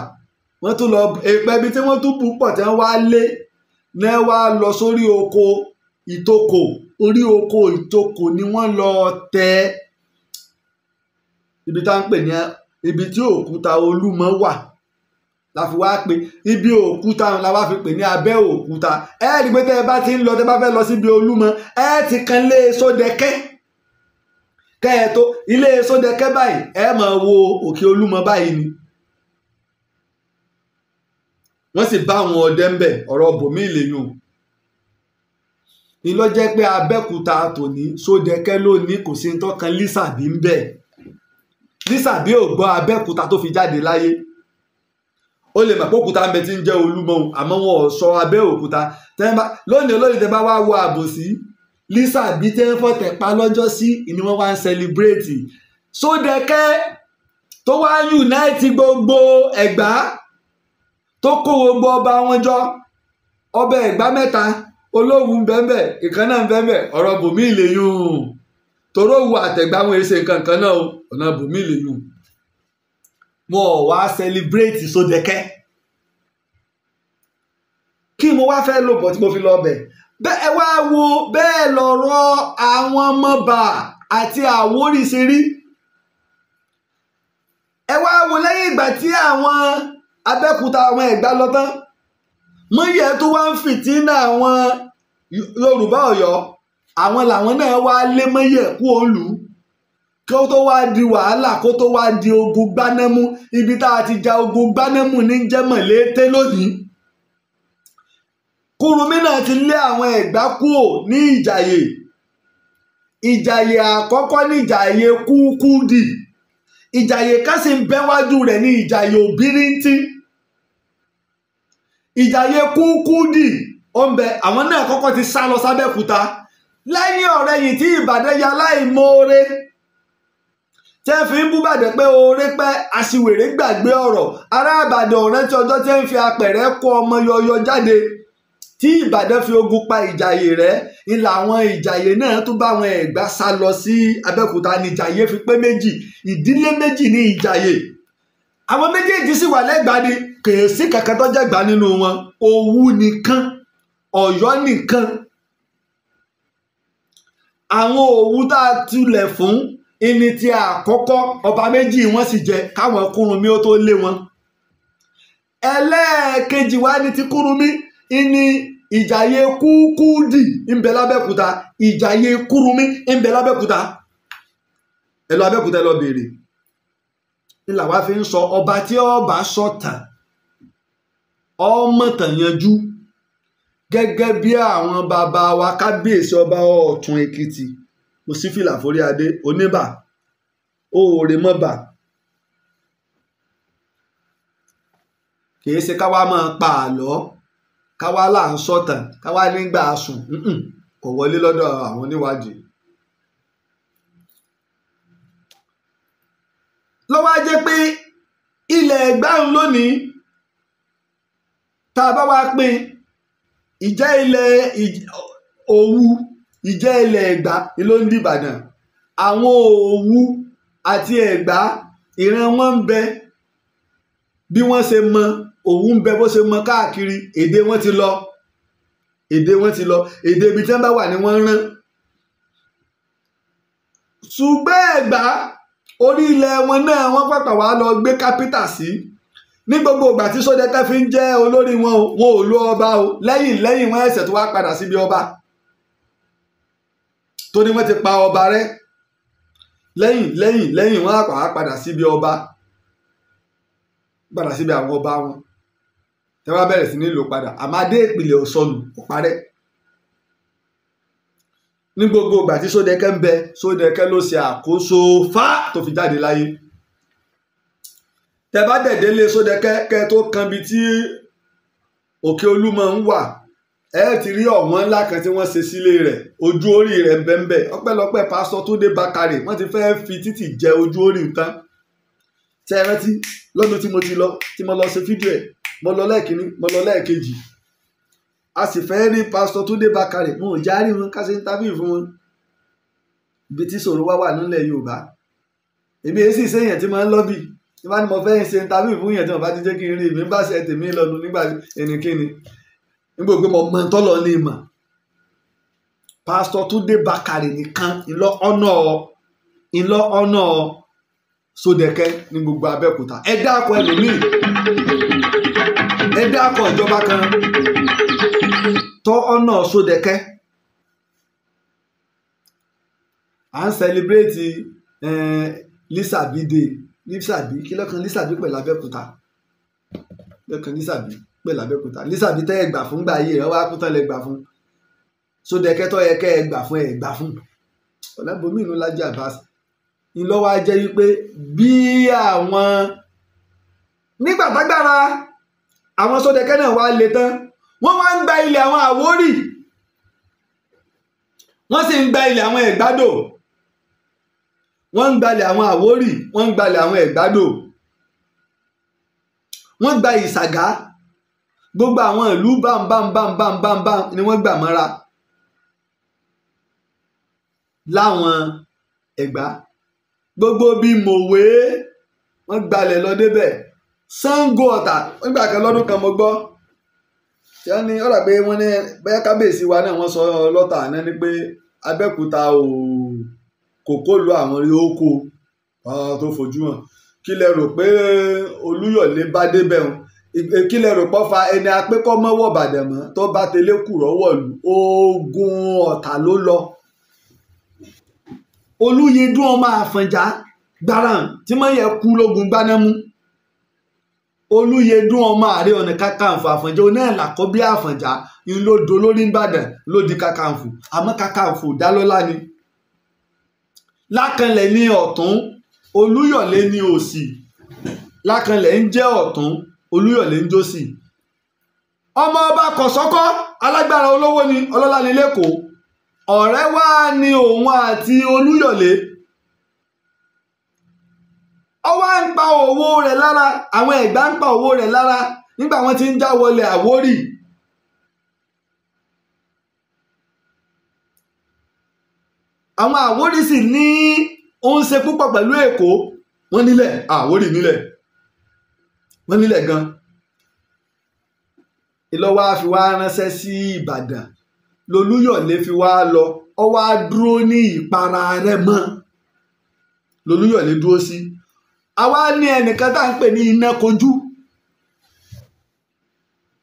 wọn tún lọ èèpẹ̀ ibi tí wọn tún bù pọ̀ tí wọn wá lé náà wá lọ sórí oko ìtòkò orí oko ìtòkò ni wọn lọ tẹ ẹ ibi tá ń pè ní ibi tí òkúta olúmọ wà la fi wá pé ibi òkúta la wá fi pè ní abẹ́ òkúta ẹ rí pé tẹ́ ẹ bá ti ń lọ tẹ́ bá fẹ́ lọ síbi olúmọ ẹ ti kan lé sódẹ́kẹ́ kẹ́ ẹ tó ilé sódẹ́kẹ́ báyìí ẹ máa wo òkè olúmọ báyìí ni wọ́n sì bá àwọn ọdẹ ń bẹ̀ ọ̀rọ̀ bòmí ìlẹ́yìn ni ló jẹ́ pé abẹ́kúta tòní sódẹ́kẹ́ lónìí kò sí ní tọ́kan lísàbí ń bẹ̀ nísàbí ò gbọ́ abẹ́kúta tó fi jáde láyé ó lè mọ̀ pé òkúta ń bẹ tí ń jẹ́ olúmọ àmọ́ wọn ò sọ abẹ́ òkúta lónìí olóyìn tẹ bá wá wo àbòsí lísàbí tẹ́ ń fọ̀tẹ̀ pa lọ́jọ́ sí ni wọ́n wá ń sẹlibrétì sódẹ́kẹ́ tó wá ń yùnáìtì gbogbo ẹ̀gbá tó kó gbogbo ọba wọn jọ ọba ẹ̀gbá mẹ́ta olówu bẹ́ẹ̀ bẹ́ẹ̀ ìkànnà bẹ́ẹ̀ bẹ́ẹ̀ ọ̀rọ̀ bòmí ìlẹ̀yìn toró wu àtẹ̀gbá wọn èsè nkankan náà o ọ̀nà bùnmí lèyùn wọn ò wá sẹlibrétì Sódẹkẹ́ kí mo wá fẹ́ lò bọ̀ tí mo fi lọ bẹ̀ ẹ wá wo bẹ́ẹ̀ lọ̀rọ̀ àwọn ọmọọba àti Àwórì ṣe rí ẹ wá wo lẹ́yìn ìgbà tí àwọn Abẹ́òkúta àwọn Ẹ̀gbá lọ tán mọ́yẹ̀ tó wá ń fìtínà àwọn Yorùbá Ọ̀yọ́ àwọn làwọn náà wá lé mọ́yẹ̀ kú òòlù kó tó wá di wàhálà kó tó wá di ogun gbanámú ibi tá a ti ja ogun gbanámú ní jẹ́mọ̀lété lónìí kúrúmí náà ti lé àwọn ẹ̀gbá kúò ní ìjàyè ìjàyè àkọ́kọ́ ní ìjàyè kúkúdì ìjàyè kásì ń bẹ́wájú rẹ̀ ní ìjàyè òbíríntí ìjàyè kúkúdì ó ń bẹ àwọn náà kọ́kọ́ ti sá lọ sábẹ́kúta lẹ́yìn ọ̀rẹ́yìn tí ìbàdàn ya láìmoore tẹ́ fi ń búbàdàn pé oore pẹ́ aṣiwèrè gbàgbé ọ̀rọ̀ ará ìbàdàn ọ̀rẹ́ tí ọjọ́ tẹ́ ń fi apẹ̀rẹ̀ kó ọmọ yọyọ jáde tí ìbàdàn fi ogun pa ìjàyè rẹ̀ ń làwọn ìjàyè náà tún bá àwọn ẹ̀gbá sá lọ sí abẹ́òkúta ní ìjàyè fi pé méjì ìdílé méjì ní ìjàyè àwọn méjèèjì sì wà lẹ́gbàá ni kèésì kankan tó jẹ́gbàá nínú wọn Òwu nìkan Ọ̀yọ́ nìkan àwọn òwú tá a tulẹ̀ fún ìní ti àkọ́kọ́ ọba méjì wọ́n sì jẹ káwọn Kúrúnmí ó tó lé wọn ẹlẹ́ẹ̀kejì wá ní ti Kúrúnmí ìní ìjàyè kúkúdì ńbẹ lábẹ́kúta ìjàyè Kúrúnmí ńbẹ lábẹ́kúta ẹ lọ abẹ́kúta ẹ lọ béèrè ńlá wá fi ń sọ ọba tí ọba sọ tàn ọmọ tàn yanjú gẹ́gẹ́ bí àwọn bàbá wa kábíyèsí ọba ọ̀tún èkìtì òsínfìlà foríadé oníbà oore mọ́bà kì í ṣe káwa máa pa àlọ́ káwa là ń sọ̀tàn káwa nígbà sùn kò wọlé lọ́dọ̀ àwọn oníwádìí. lọ́wọ́ á jẹ́ pé ilẹ̀ ẹ̀gbá ń lónìí tá a bá wá pín in ìjẹ́ ilẹ̀ Òwu ìjẹ́ ilẹ̀ Ẹ̀gbá ló ń di Ìbàdàn àwọn Òwu àti Ẹ̀gbá ìran wọn ń bẹ bí wọ́n ṣe mọ Òwu ń bẹ bó ṣe mọ káàkiri èdè wọn ti lọ èdè wọn ti lọ èdè ibi tí wọ́n bá wà ni wọ́n rán ṣùgbọ́n Ẹ̀gbá orí ilẹ̀ wọn náà wọ́n pàpà wá lọ gbé kápítà sí. Si ní gbogbo ìgbà tí Ṣódẹkẹ́ fi ń jẹ́ olórí wọn o wọn ò lo ọba o lẹ́yìn lẹ́yìn wọn ẹ̀sẹ̀ tó wá padà síbi ọba tó ní wọ́n ti pa ọba rẹ́ lẹ́yìn lẹ́yìn lẹ́yìn wọn á padà síbi ọba padà síbi àwọn ọba wọn tẹ́ wá bẹ̀rẹ̀ sí ní lò padà àmàdé ìpìlẹ̀ òsọnù kò parẹ́ ní gbogbo ìgbà tí Ṣódẹkẹ́ ń bẹ Ṣódẹkẹ́ ló ṣe àkóso fá tó fi jáde láyé tẹ bá dẹ̀ délé Sódẹkẹ kẹ tó kan bi tí òkè olúmọ ń wà ẹ ti rí ọ̀wọ́n ńlá kan tí wọ́n ṣe sílé rẹ̀ ojú orí rẹ̀ bẹ́ńbẹ́ ọpẹ́lọpẹ́ pásítọ̀ Túndé Bákàrè wọ́n ti fẹ́ fi títì jẹ ojú orí tán ṣe é rántí lọ́dún tí mo ti lọ tí mo lọ ṣe fídíò ẹ̀ mo lọ lẹ́ẹ̀kínní mo lọ lẹ́ẹ̀kejì a sì fẹ́ rí pásítọ̀ Túndé Bákàrè wọn ò já rí wọn ká ṣe ń tábìlì fún wọn ibi tí sòrò wá wà nílẹ̀ Yorùbá èmi èsì sẹ́yìn tí máa ń lọ́bì tí wọ́n mo fẹ́ ṣe interview fún yẹn tí wọ́n bá ti jẹ́ kí n rí mi bá ṣe tèmi lọ́nu nígbà ẹnikẹ́ni nígbà pé mo mọ tọ́lọ ní ìmọ̀ pásítọ̀ Túndé nìkan ọ̀nà ọ̀nà ní gbogbo ẹ kan tọ́ ọ̀nà Sódẹ̀kẹ́ à ń lísàbí kí lọ́kàn lísàbí pẹ̀lú abẹ́òkúta lọ́kàn lísàbí pẹ̀lú abẹ́òkúta lísàbí tẹ́ ẹ gbà fún gbà yìí rẹ wá kú tán lẹ gbà fún sódẹ̀kẹ́tọ́ yẹ kẹ́ ẹ gbà fún ẹ gbà fún ọ̀làbọ̀mí ìlú Laji Abbas ńlọ́wọ́ á jẹ́ wípé bí àwọn nígbà tágbára àwọn sódẹ̀kẹ́ náà wá le tán wọ́n wá ń gba ilẹ̀ àwọn Àwórì wọ́n sì ń gba ilẹ̀ àwọn Ẹ̀gbádò wọ́n ń gbalẹ̀ àwọn àwórì wọ́n ń gbalẹ̀ àwọn ẹ̀gbádò wọ́n gba ìsàgá gbogbo àwọn ìlú bámbámbámbámbámbá ni wọ́n gbà mọ́ra láwọn ẹ̀gbá gbogbo bíi mòwe wọ́n gbalẹ̀ lọ débẹ̀ Ṣàngó Ọ̀tà nígbà kan lọ́dún kan mo gbọ́ tí wọ́n ní ọ̀rọ̀ pé wọ́n ní bẹ́ẹ̀ kábíyèsí wa náà wọ́n sọ lọ́tà náà ni pé Abẹ́òkúta ooo kòkó lu àwọn rí oko tó fojú hàn kí lẹ rò pé olúyọ̀lé bá débẹ̀ wọn kí lẹ rò pọ́ fa ẹni apẹ́kọ́ mọ́wọ́ ìbàdàn mọ́ tó bá tẹlé kùrọ̀ wọ̀lú ogun ọ̀tà ló lọ olúyẹdùn ọmọ àfọ̀njá gbaran tí mọ̀ yẹ kú lógun gbanámú olúyẹdùn ọmọ àárẹ ọ̀nà kàkàǹfò àfọ̀njá oní ẹ̀ làkọ́ bí àfọ̀njá ńlọdọ lórí ìbàdàn ló di kàkàǹfò àmọ́ kàkàǹfò dálọ́lá ni lákànlẹ̀ ní ọ̀tún olúyọ̀lé ní òsì lákànlẹ̀ ń jẹ́ ọ̀tún olúyọ̀lé ń jósì ọmọ ọba kọ̀sọ́kọ́ alágbára olówó ni ọlọ́lá ní lẹ́kọ̀ọ́ ọ̀rẹ́ wá ní òun àti olúyọ̀lé ó wá ń pa owó rẹ̀ lára àwọn ẹ̀gbá ń pa owó rẹ̀ lára nígbà wọ́n ti ń já wọlé àwórì àwọn àwórì sì ní ó ń ṣe púpọ̀ pẹ̀lú èkó wọ́n nílẹ̀ àwórì nílẹ̀ wọ́n nílẹ̀ gan ìlọ́wọ́ fi wá ránṣẹ́ sí ìbàdàn lolúyọ̀lé fi wá lọ ọ wá dúró ní ìpara Rẹ́mọ lolúyọ̀lé dúró sí àwa ní ẹnìkan tá à ń pè ní iná kojú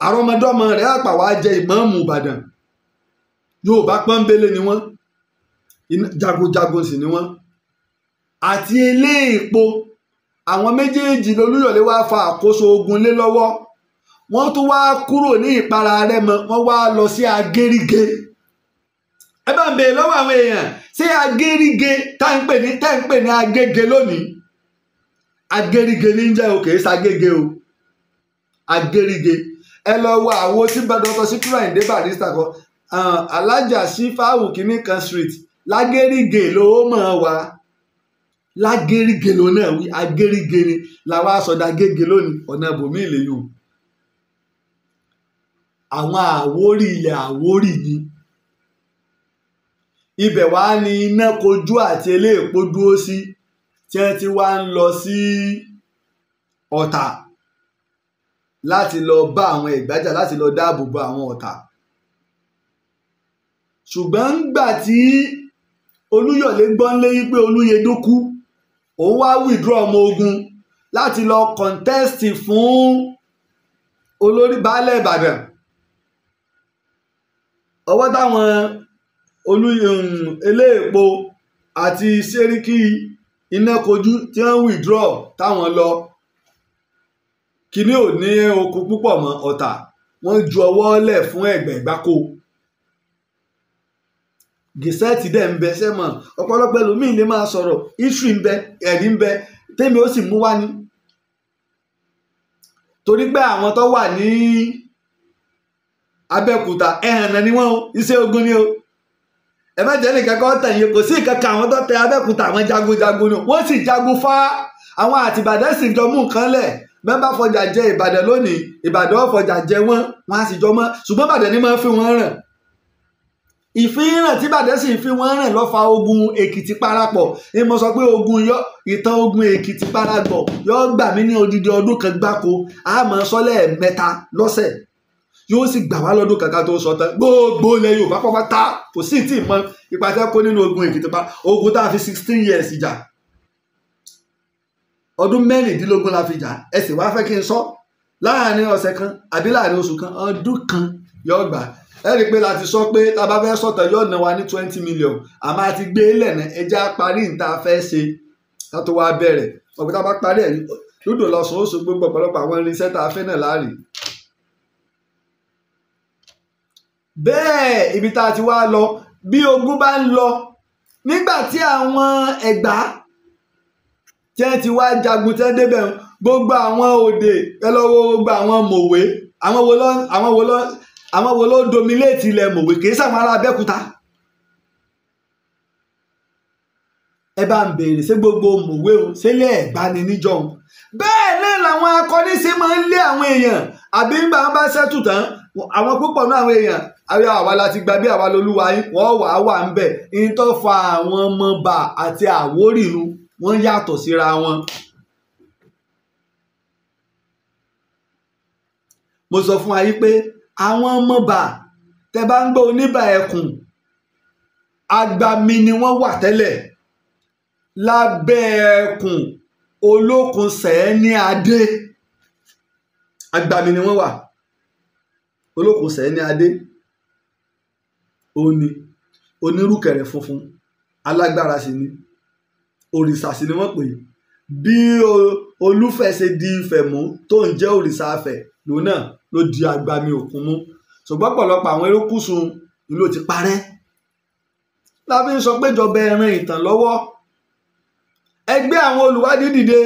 àrọmọdọ́mọ rẹ̀ àpàwà jẹ ìmáàmù ìbàdàn yorùbá pọ́nbélé ni wọ́n jagunjagun sì ni wọ́n àti eléèpo àwọn méjèèjì lolúyọ̀lé wá fa àkóso ogun lé lọ́wọ́ wọ́n tún wá kúrò ní ìpara rẹ́mọ wọ́n wá lọ sí agérige ẹ bá ń bèèrè lọ́wọ́ àwọn èèyàn ṣé agérige tá ń pè ní tá ń pè ní agége lónìí agérige ní jẹ́ òkè é ságége o agérige ẹ lọ wo àwo tí Dr. Síkírù Àyìndé Barrister kan alájà sífáwù kìnnìkan street lágérígè lówó mọ̀ wá lágérígè ló náà wí agérígè ni làwa sọdá gègé lónìí ọ̀nà bòmí ìlẹ́yìn o àwọn àwórì ilẹ̀ àwórì ni ibẹ̀ wá ní iná kojú àti eléèpo dúró sí tí wọ́n ti wá ń lọ sí ọ̀tà láti lọ bá àwọn ìgbájà láti lọ dáàbò bo àwọn ọ̀tà ṣùgbọ́n ńgbà tí olúyọ̀lé gbọ́nlé yí pé olúyẹdùn kú òun wá withdraw ọmọ ogun láti lọ contest fún olórí baálẹ̀ ìbàdàn ọwọ́ táwọn olú um, eléèpo àti sẹ́ríkì iná kojú tí wọ́n withdraw táwọn lọ kíní ò ní okun púpọ̀ mọ́ ọ̀tà wọ́n ju ọwọ́ lẹ̀ fún ẹ̀gbẹ̀gbáko. E gẹ̀sẹ́ẹ̀tì dẹ̀ ń bẹ sẹ́mọ̀ ọ̀pọ̀lọpọ̀ ẹlòmíì lè máa sọ̀rọ̀ history ń bẹ ẹ̀rí ń bẹ tèmi ó sì mú wá ní. torí pé àwọn tó wà ní Abẹ́òkúta ẹ̀hànà ni wọ́n o iṣẹ́ ogun ni o ẹ má jẹ́ nìkan kọ́ tẹ̀yìn kò sí ìkankan àwọn tó tẹ Abẹ́òkúta àwọn jagunjagun ni wọ́n sì jagun fá àwọn àtìbàdàn sì jọ mú nǹkan lẹ̀ mẹ́bà fọjà jẹ Ìbàdàn lónìí Ìbàdàn ọ̀fọjà jẹ wọ́n wọ́n á sì jọ mọ́ ṣùgbọ́n Ìbàdàn ni máa ń fi wọ́n ràn ìfihàn tí bàdẹ́ sì fi wọ́n rìn lọ fa ogun èkìtì parapọ̀ ni mo sọ pé ogun yọ ìtàn ogun èkìtì parapọ̀ yọ gbà mí ní odidi ọdún kan gbáko àmọ́ sọ́lẹ̀ mẹ́ta lọ́sẹ̀ yóò sì gbà wá lọ́dún kankan tó sọ tán gbogbo ilẹ̀ yorùbá pápátá kò sí tí ì mọ ipa tí a kó nínú ogun èkìtì pa ogun tá a fi sixteen years jà ọdún mẹ́rìndínlógún la fi jà ẹ sì wá fẹ́ kí n sọ láàrin ọ̀sẹ̀ kan àbí láàrin oṣù kan ọdún kan yọ gbà ẹ rí i pé láti sọ pé tá a bá fẹ́ sọ̀tọ̀ yóò ná wa ní twenty million àmọ́ a ti gbé lẹ́nà ẹja parí níta fẹ́ ṣe ká tó wá bẹ̀rẹ̀ ọ̀pẹ tá a bá parí ẹ̀ lódò lọ́sàn-án oṣù gbogbo ọ̀pọ̀lọpọ̀ àwọn irinṣẹ́ tá a fẹ́ náà láàrin. bẹ́ẹ̀ ibi tá a ti wá lọ bí ogun bá ń lọ nígbà tí àwọn ẹ̀gbá tí wọ́n ti wá jagun tí wọ́n débẹ̀ gbogbo àwọn òde ẹ lọ́wọ́ gbogbo àwọn mòwe àwọn wo lọ́ àwọn wo lọ́ àwọn wo ló dominate ilẹ̀ mọ̀wé kì í sàwọn ará abẹ́kúta ẹ bá ń béèrè ṣé gbogbo mọ̀wé o ṣé lé ẹ̀gbá ni níjọ́ o bẹ́ẹ̀ náà làwọn akọni ṣe máa ń lé àwọn èèyàn àbí nígbà wọn bá ṣẹ́tù tán àwọn púpọ̀ náà àwọn èèyàn àwọn àwa láti gba bí àwa lolúwa yín wọ́n wà á wà ń bẹ̀ ní tó fa àwọn ọmọọba àti àwórìrú wọ́n yàtọ̀ síra wọn. mo sọ fún wa pé àwọn ọmọọba tẹ bá ń gbọ́ oníbà ẹkùn agbami ni wọ́n wà tẹ́lẹ̀ lábẹ́ ẹkùn olókun sẹ́ẹ̀ni adé agbami ni wọ́n wà olókun sẹ́ẹ̀ni adé òní onírúkẹ̀rẹ̀ funfun alágbára sì ni òrìṣà sì ni wọ́n pè bí olúfẹ́ di Ifẹ̀ tó ń jẹ́ òrìṣà Ifẹ̀ lónà ló di agbami òkun mú ṣùgbọ́n pọ̀lọpọ̀ àwọn erékùsùn ni ló ti parẹ́ láfi ń sọ pé ìjọba ẹran ìtàn lọ́wọ́ ẹgbẹ́ àwọn olùwádìí dìde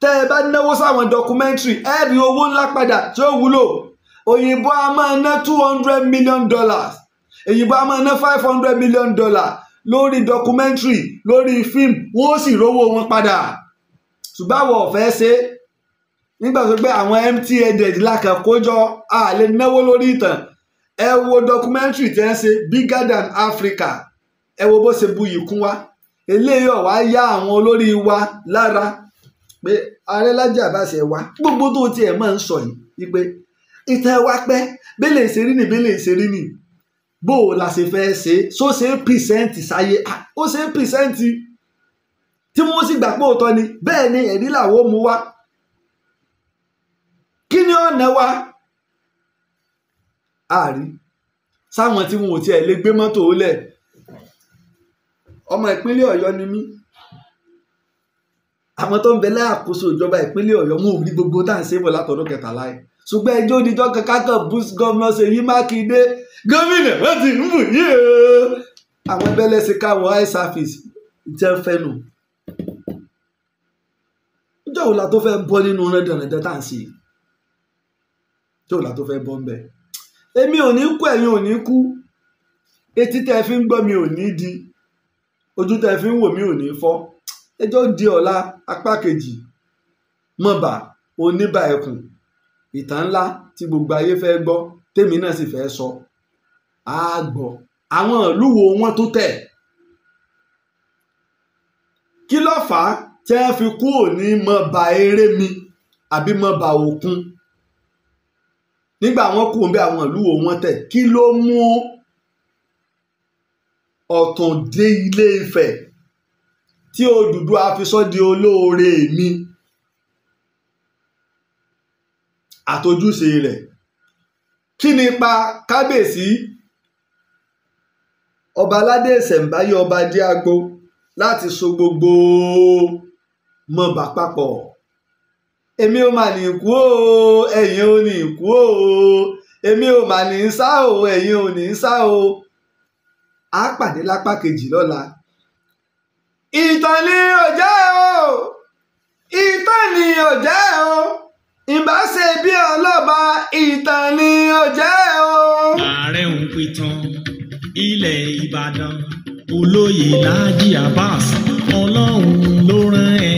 tẹ́ ẹ bá náwó sáwọn dọkumẹ́ntìrì ẹ rí owó ńlá padà tí ó wúlò òyìnbó a máa ná two hundred million dollars èyìnbó a máa ná five hundred million dollars lórí dọkumẹ́ntìrì lórí fíìmù wọ́n sì rówó wọn padà ṣùgbọ́n àwọn ọ̀fẹ́ ṣe é nígbà tó pé àwọn empty headed lákàn kójọ a lè náwó lórí ìtàn ẹ wo documentary tẹ́ ń ṣe bigger than Africa ẹ wo bó ṣe buyì kún wa eléyìí ọ̀wá yá àwọn olórí wa lára pé ààrẹ Lájì Abbas ẹ wá gbogbo tó tiẹ̀ máa ń sọ yìí wípé ìtàn wa pẹ́ bẹ́lẹ̀ ìṣerí nì bẹ́lẹ̀ ìṣerí nì bó o la ṣe fẹ́ ṣe so ṣe ń pìrìsẹ́ǹtì sáyé ó ṣe ń pìrìsẹ́ǹtì tí wọ́n sì gbà pé òótọ́ ni bẹ́ẹ̀ ni ẹ̀rí làwọn mú wá kí ni ọ̀nà wa àrí sáwọn tí wọn ò tiẹ̀ lè gbé mọ́tò lẹ̀ ọmọ ìpínlẹ̀ ọ̀yọ́ ni mí àwọn tó ń bẹ láàkóso ìjọba ìpínlẹ̀ ọ̀yọ́ wọn ò rí gbogbo tá à ń ṣe bọ̀ látọ̀dún kẹtàlá yìí ṣùgbọ́n ẹjọ́ oníjọ́ kankan kan bus gọ́ọ̀mọ̀ Ṣèyí Mákindé gómìnà wọ́n ti ń o àwọn ẹbẹ̀lẹ́sìn káwọn high service jẹ́ fẹ́nu ọjọ́ òun la tó fẹ́ bọ́ nínú rẹ̀ dẹ̀rẹ̀dẹ̀ tá à ń ṣe yìí ṣòlá tó fẹ́ bọ́ ńbẹ̀ èmi ò ní kú ẹ̀yin ò ní kú etí tẹ́ fi ń gbọ́ mi ò ní di ojú tẹ́ fi ń wò mí ò ní fọ́ ẹjọ́ di ọ̀la apá kejì mọ̀bà oníbà ẹkùn ìtàn ńlá tí gbogbo ayé fẹ́ gbọ́ tèmi náà sì fẹ́ sọ á gbọ́ àwọn ìlú wo wọ́n tó tẹ̀ kí ló fà á tẹ́ fi kú òní mọ̀bà eré mi àbí mọ̀bà òkun nígbà wọn kú bí àwọn ìlú wọn tẹ̀ kí ló mú ọ̀tàn dé ilé Ifẹ̀ tí Odùduwà fi sọ di olóore mi àtojúṣe rẹ̀ kí ni ipa kábíyèsí ọba aládé ìṣẹ̀ǹbáyé ọba díago láti so gbogbo mọ̀bà papọ̀ èmi ò mà ní kú o ẹ̀yin ò ní kú o èmi ò mà ní sá o ẹ̀yin ò ní sá o á pàdé lápá kejì lọ́la ìtàn ni ò jẹ́ o ìtàn ni ò jẹ́ o ìbá ṣe bí ọlọ́ba ìtàn ni ò o. ààrẹ ń pitán ilẹ̀ Ìbàdàn olóyè Láàjì Abbas ọlọ́run ló rán ẹ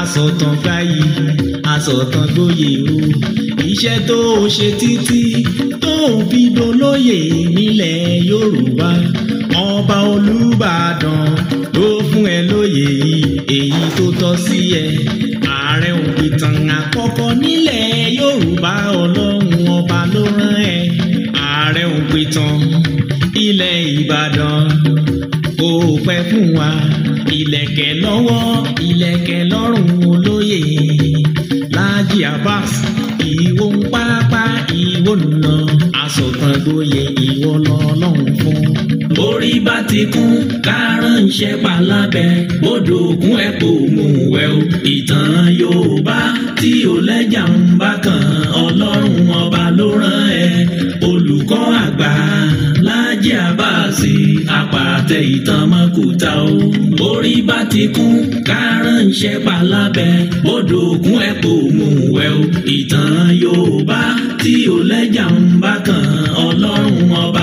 asọ̀tàn gbáyé máa sọ̀tàn gbóyè o iṣẹ́ tó o ṣe títí tó o fi dolóyè nílẹ̀ Yorùbá ọba Olúbàdàn ló fún ẹ lóyè èyí tó tọ́ sí ẹ ààrẹ òpìtàn àkọ́kọ́ nílẹ̀ Yorùbá ọlọ́run ọba ló rán ẹ ààrẹ òpìtàn ilẹ̀ Ìbàdàn kò pẹ́ fún wa ìlẹ̀kẹ̀ lọ́wọ́ ìlẹ̀kẹ̀ lọ́rùn olóyè. Abbas ìwọ ń pápá ìwọ nà asọ̀tàgboyè ìwọ lọ́lọ́run fún. orí bá ti kún kárànṣẹ́ palábẹ́ bódò kún ẹ̀ kò mú wẹ̀ o ìtàn Yorùbá tí ò lẹ́jà ń bá kan ọlọ́run ọba ló rán ẹ olùkọ́ àgbà tẹ ìtàn mọ́ kùtà o. orí bá ti kún kárán iṣẹ́ palábẹ́ bódò òkun ẹ̀ kò mú wẹ̀ o. ìtàn Yorùbá tí ò lẹ́jà ń bá kan ọlọ́run ọba.